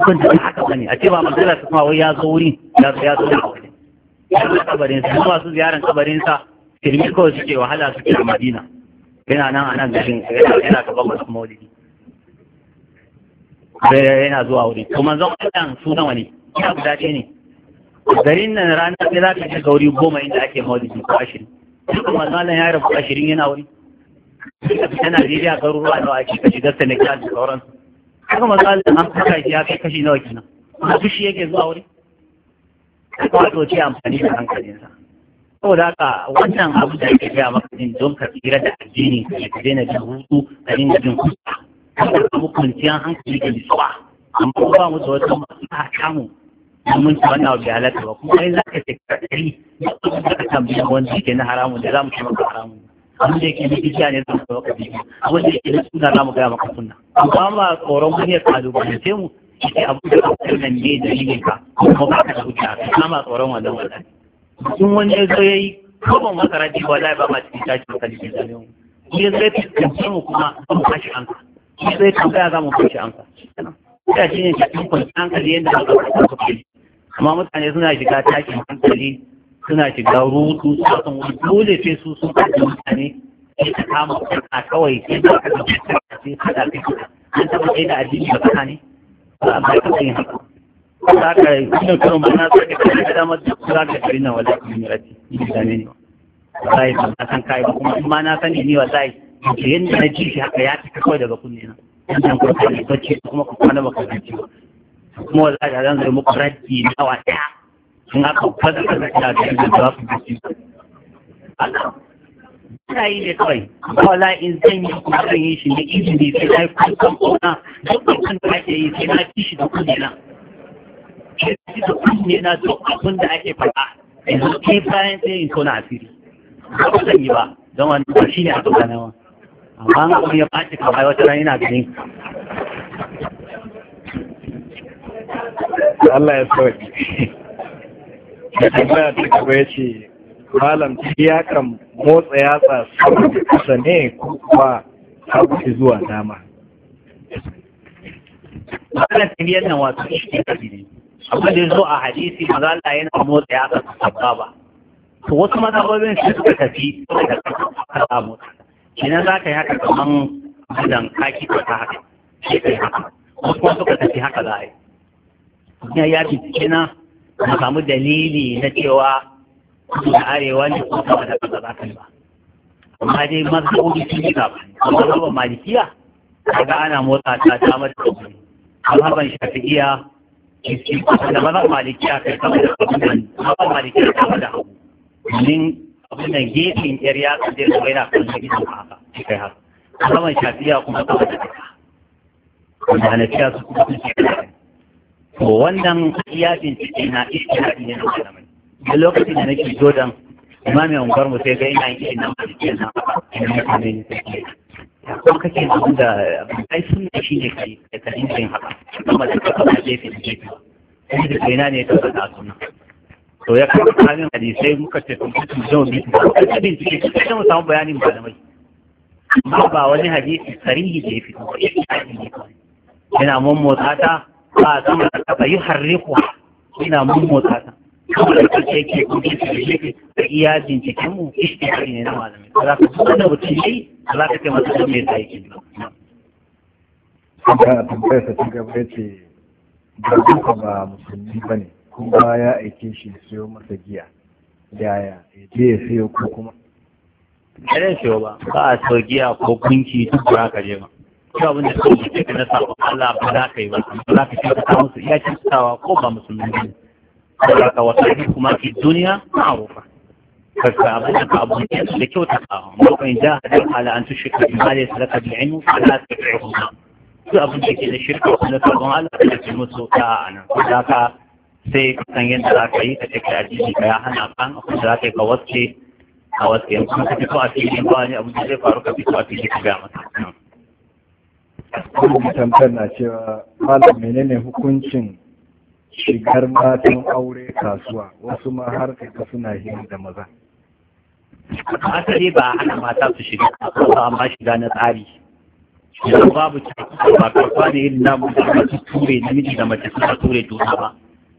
A: kun da haka bane a ce ba manzala su kuma wai ya zo wuri ya zo ya zo wuri ya zo kabarin sa kuma su ziyaran kabarin sa firmi kawai suke wahala suke a Madina yana nan a nan garin yana gaban masu maulidi yana zuwa wuri to manzon Allah su wani ne ya guda ce ne garin nan ranar ne za ka ji gauri goma inda ake maulidi ko ashirin duka manzon Allah ya rabu ashirin yana wuri yana Najeriya garuruwa da ake ka shigar Senegal da sauransu kuma maza da an haka ya kai kashi nawa kenan kuma shi yake zuwa wuri to ce amfani da hankalinsa saboda haka wannan abu da yake gaya maka din don ka tsira da addini ka daina jin hutu ka dinga jin kusa ka samu kwanciyar hankali da nutsuwa amma ba mu da wata maslaha kamu mun ci wannan abu halatta ba kuma in za ka ce ka tsari da ka tambaya wanda yake na haramun da za mu ci maka haramun abin da yake na bishiya ne zan kawo ka bishiya abin yake na suna za mu gaya maka suna amma ma tsoron wani ya kalubalance mu yake abu da kafin nan ne da yi ka kuma ba ka da hujja na ma tsoron wannan wannan in wani ya zo ya yi kawai masara ji wallahi ba ma cikin tashi ka jikin zane mu ya zai fuskanci mu kuma ba mu kashi anka ya zai tambaya za mu kashi anka ya shi ne cikin kwanciyar hankali yadda aka kasa su amma mutane suna shiga tashin hankali suna shiga rutu suna son wani dole sai su sun kaji mutane sai ta kama a kawai sai ba ka kaji sai ka da kai an taɓa kai da addini Ba kasa ne ba a ba ka yin haka za ka yi kuma karon bana za ka kai da damar da za ka gari na wala kuma mirati ni da ne ba yi ba san kai ba kuma ma na sani ni wallahi yadda na ji shi haka ya fita kawai daga kunne na wannan kurkani bacci kuma ku kwana baka bacci kuma wallahi zan zai muku raddi na wa daya sun haka yi ne kawai in zan yi kuma yi shi ne izini sai na yi kusan ƙona duk abin da ake yi sai na da na ci ne na duk abin da ake faɗa yanzu ke bayan in asiri ba ku yi ba don wani ba shi a amma an kuma ya ɓaci kawai wata ina
C: da tambaya ta gaba ya ce malam ya kan motsa yatsa da kusa ne ko kuwa hagu zuwa dama
A: malam tafiyar nan wato shi ne abin da zo a hadisi maza Allah yana motsa yatsa sabba ba to wasu mazhabobin su suka tafi da kasa motsa kenan za ka yi haka kaman gudan kaki ko ta haka sai haka wasu kuma suka tafi haka za a yi ya yi kenan ka samu dalili na cewa kudu da arewa ne ko kuma da kasa za ka yi ba amma dai mazhabobi sun yi gaba amma mazhaban malikiya kaga ana motsa ta ta mata kabari mazhaban shafi'iya da mazhaban malikiya kai sama da kabari mazhaban malikiya sama da hagu domin abin da gefen yar yatsa zai zama yana kan gidan haka kai haka mazhaban shafi'iya kuma sama da kasa wanda hanafiya su kuma sun ce wannan ya bincike na ishtihadi ne na malamai da lokacin da nake jordan imami unguwar mu sai ga ina yin irin nan bincike na mutane ya kuma kake abin da ai sun da shi ne kai da kanin yin haka kuma da ka kama ke da gefe sai da kaina ne ta faɗa suna to ya kama kamin sai muka ce sun fi zo bincike da bincike sai mu samu bayanin malamai amma ba wani hadisi sarihi da ya fito ba yana mummotsa ta ba zama da kafa yi suna ina mummotsa ta kuma da kake yake kuma ke da yake da iya binciken mu da ne na malami ba za ka kuma da mutum yi ba za ka kai masa da mai aiki ba.
C: Sanka a tambayar sa cikin gaba ya ce ba duka ba musulmi ba ne kuma ya aike shi siyo masa giya yaya ya je ya siyo ko kuma.
A: Ba ya siyo ba ba a siyo giya ko kunki duk ba ka je ba. ko abin da kawai mutum ka nasa wa Allah ba za ka yi ba ba za ka kyautata musu iya kyautatawa ko ba musulmi ne ba ka wata yi kuma ke duniya ma'arufa karka abin da ka abunci su da kyautatawa mawakan ja hadar ala an tushe ka bima da sadaka bi ilmu ala ta fi huma su abin da ke da shirka kuma sabon Allah da ke musu ta a nan ko da ka sai ka san yadda za ka yi ka cika addini ka ya hana kan abin da za ka yi ka wasu a wasu yanzu ka fito a fili ba wani abin da zai faru ka fito a fili ka ga masa
C: kuma tambayar na cewa malam menene hukuncin shigar matan aure kasuwa wasu ma har kaka suna hira
A: da maza asali ba hana mata su shiga kasuwa amma shiga na tsari yanzu babu cikin ba kasuwa ne irin namu da mace ture namiji da mace suna ture juna ba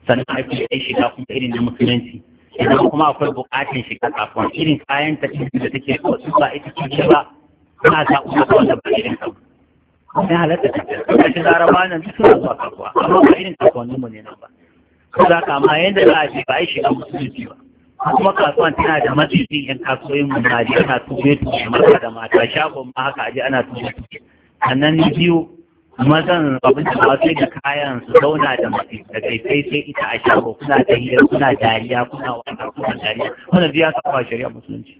A: sannan ake yi shiga kuma irin na musulunci idan kuma akwai bukatun shiga kasuwa irin kayan ta da take so ba ita ce ba ana sa da wanda ba irin kasuwa sai halatta kasashen laraba nan duk suna zuwa kakuwa. amma ba irin kasuwannin mu ne nan ba ko za ka amma yadda za a ce ba a yi shiga musulunci ba kuma kasuwan tana da matsitsi yan kasuwoyin mu na ji ana tuɓe tuɓe maza da mata shagon ma haka aje ana tuɓe tuɓe sannan ni biyu mazan abin da ba sai da kayan su zauna da mace da kai sai sai ita a shago kuna da hira kuna dariya kuna wata kuna dariya wannan biya su kwa shari'a musulunci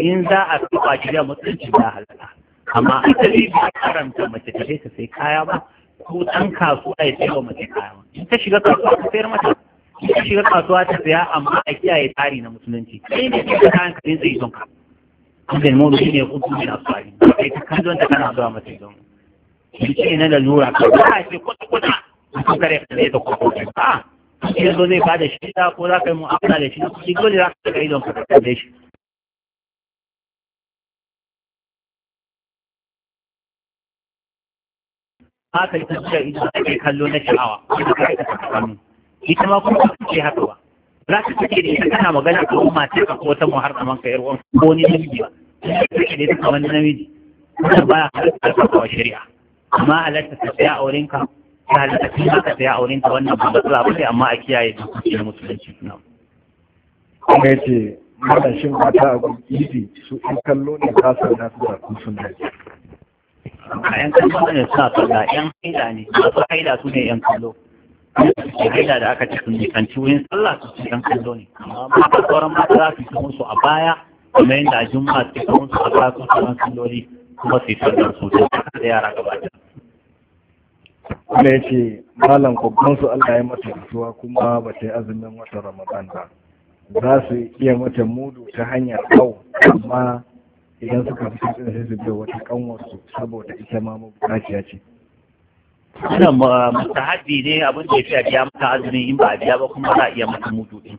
A: in za a kwa shari'a musulunci ba. halatta amma asali ba karanta mace ta ta sai kaya ba ko ɗan kasuwa ya sai wa mace kaya ba in ta shiga kasuwa ta sayar mata in ta shiga kasuwa ta saya amma a kiyaye tsari na musulunci sai ne kika kayan ka zai son ka kuma mu da ne ku tuni na tsari sai ka kan zonta kana zuwa mace don shi ce na lalura ka ba ce kwata kwata ko kare ka zai ta kwata a shi zo zai bada shi ta, ko za ka yi mu'amala da shi dole za ka ga idon ka da shi haka ita ce ita ake kallo na sha'awa ita ka ita hannu ita ma kuma ta ce haka ba za su take da ita kana magana ko kuma ta ka ko ta mu har kaman ka yarwan ko ni namiji ba take da ita kaman namiji wannan ba halatta ta wa shari'a amma halatta ta tsaya auren ka ta halatta ta haka a auren ka wannan ba matsala ba sai amma a kiyaye dokokin musulunci na
C: kuma yace matashin mata a gudu su in kallo ne ka sa na su da kun
A: sun amma yan kallo ne suna sallah yan haila ne masu haila su ne yan kallo ke haila da aka ci kunnikanci wurin sallah su ci yan kallo ne amma ba sauran mata za su ci musu a baya kuma yadda juma'a su ci musu a baya su ci yan kalloli kuma su yi sallar su da yara gaba da
C: kuma ya ce malam kwabban su Allah ya mata rasuwa kuma ba ta yi azumin wata ramadan ba za su iya mata mudu ta hanyar kau amma idan suka fi kasu da wata kanwarsu saboda ita ma mabukaciya ce
A: wannan haɗi ne abin da ya fi a biya mata azumin in ba a biya ba kuma za a iya mata mutu ɗin,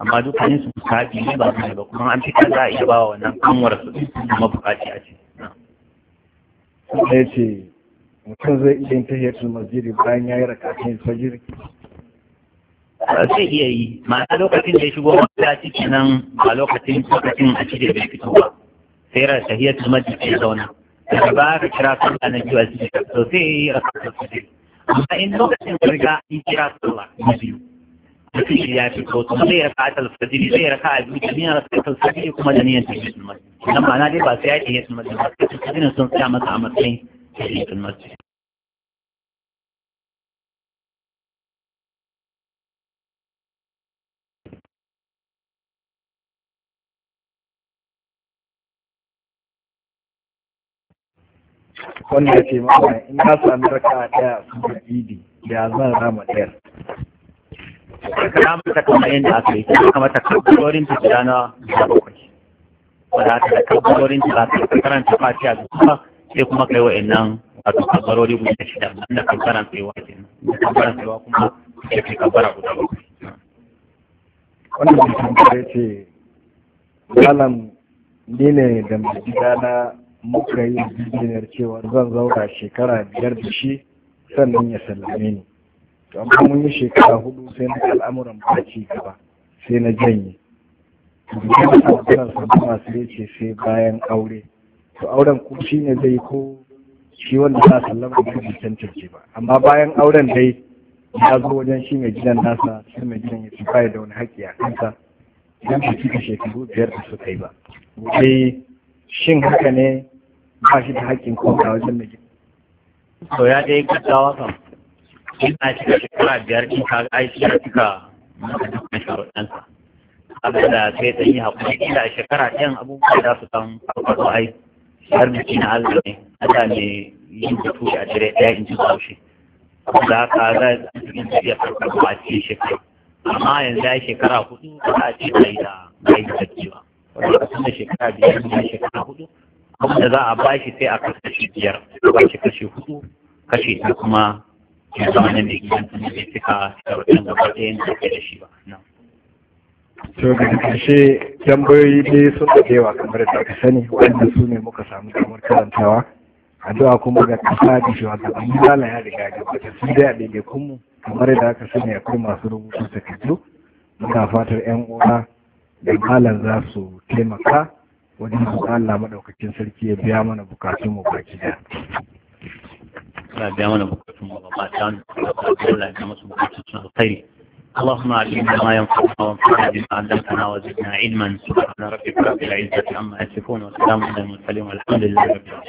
A: amma dukkanin su haɗi ne ba su ba kuma an ta za a iya ba wannan kanwarsu mabukaciya ce
C: sai ce mutum zai iya yin tahiyatul masjidi bayan ya yi
A: rakatun fajiri zai iya yi ma'ana lokacin da ya shigo masallaci kenan ba lokacin lokacin a cire bai fito ba tsera tahiyatul masjid ya zauna daga ba ka kira sallah na biyu a cikin to sai yi raka'a sosai amma in lokacin da riga in kira sallah na biyu mutum ya fito kuma zai raka'a alfajiri zai raka'a biyu da niyyar raka'a alfajiri kuma da niyyar tahiyatul masjid nan ma'ana dai ba sai ya tahiyatul masjid ba sai sun tsaya masa a matsayin tahiyatul masjid
B: Wannan ya ce mana in na sami raka ɗaya su da bidi da
A: zan rama ɗayar ka na mata yin yadda aka yi ta kama ta kabbarorin ta guda na bakwai wadda aka da kabbarorin ta za ta karanta fatiha da kuma sai kuma kai wa'annan wato kabbarori guda shida wanda kan karanta yawa ke nan kan karanta wa kuma ya fi kabbara guda bakwai
B: wannan mutum
C: ya ce malam ni ne da mai gida na muka yi yarjejeniyar cewa zan zaura shekara biyar da shi sannan ya sallame ni to amma mun yi shekara hudu sai na al'amuran ba ci gaba sai na janye bikin sabbin sabbin sai ya sai bayan aure to auren ku shi ne zai ko shi wanda za sallama da bai cancanci ba amma bayan auren dai ya zo wajen shi mai gidan nasa shi mai gidan ya ci baya da wani haƙƙi a kansa idan bai cika shekaru biyar da suka yi ba dai shin haka ne ba shi da haƙƙin kowa wajen da gida
A: So ya dai wasan, in ina cika shekara biyar in ka ga shi ya cika maka dukkan Abin da sai ta yi haƙuri ila shekara ɗayan abubuwa za su san farfaɗo ai har shi na Allah ne Allah ne yin batu a dire ɗaya in ji zaushe da haka za a zai tafiya farfaɗo a cikin shekara amma yanzu ya shekara hudu ba a ce bai da bai da ba wanda ka tunda shekara biyar ne shekara hudu wanda za a bashi sai a kashi biyar a shi kashi hudu kashi ta kuma ya zama na mai gidan kuma bai cika sharuɗin gaba ɗaya da ake da shi ba. To daga
C: kashe tambayoyi ne sun da yawa kamar da aka sani wanda su ne muka samu kamar karantawa addu'a kuma ga kasa da shugabanni lala ya riga gabata su dai a ɗaiɗaikun mu kamar da aka sani akwai masu rubutu takardu muna fatar yan uwa da malam za su taimaka wajen ko Allah madaukakin sarki ya biya mana bukatun mu baki
A: da ya biya mana bukatun mu ba ta Allah ya masu bukatun su alkhairi اللهم علمنا ما ينفعنا وانفعنا بما علمتنا وزدنا علما سبحان ربك رب العزة عما يصفون وسلام على المرسلين والحمد لله رب
B: العالمين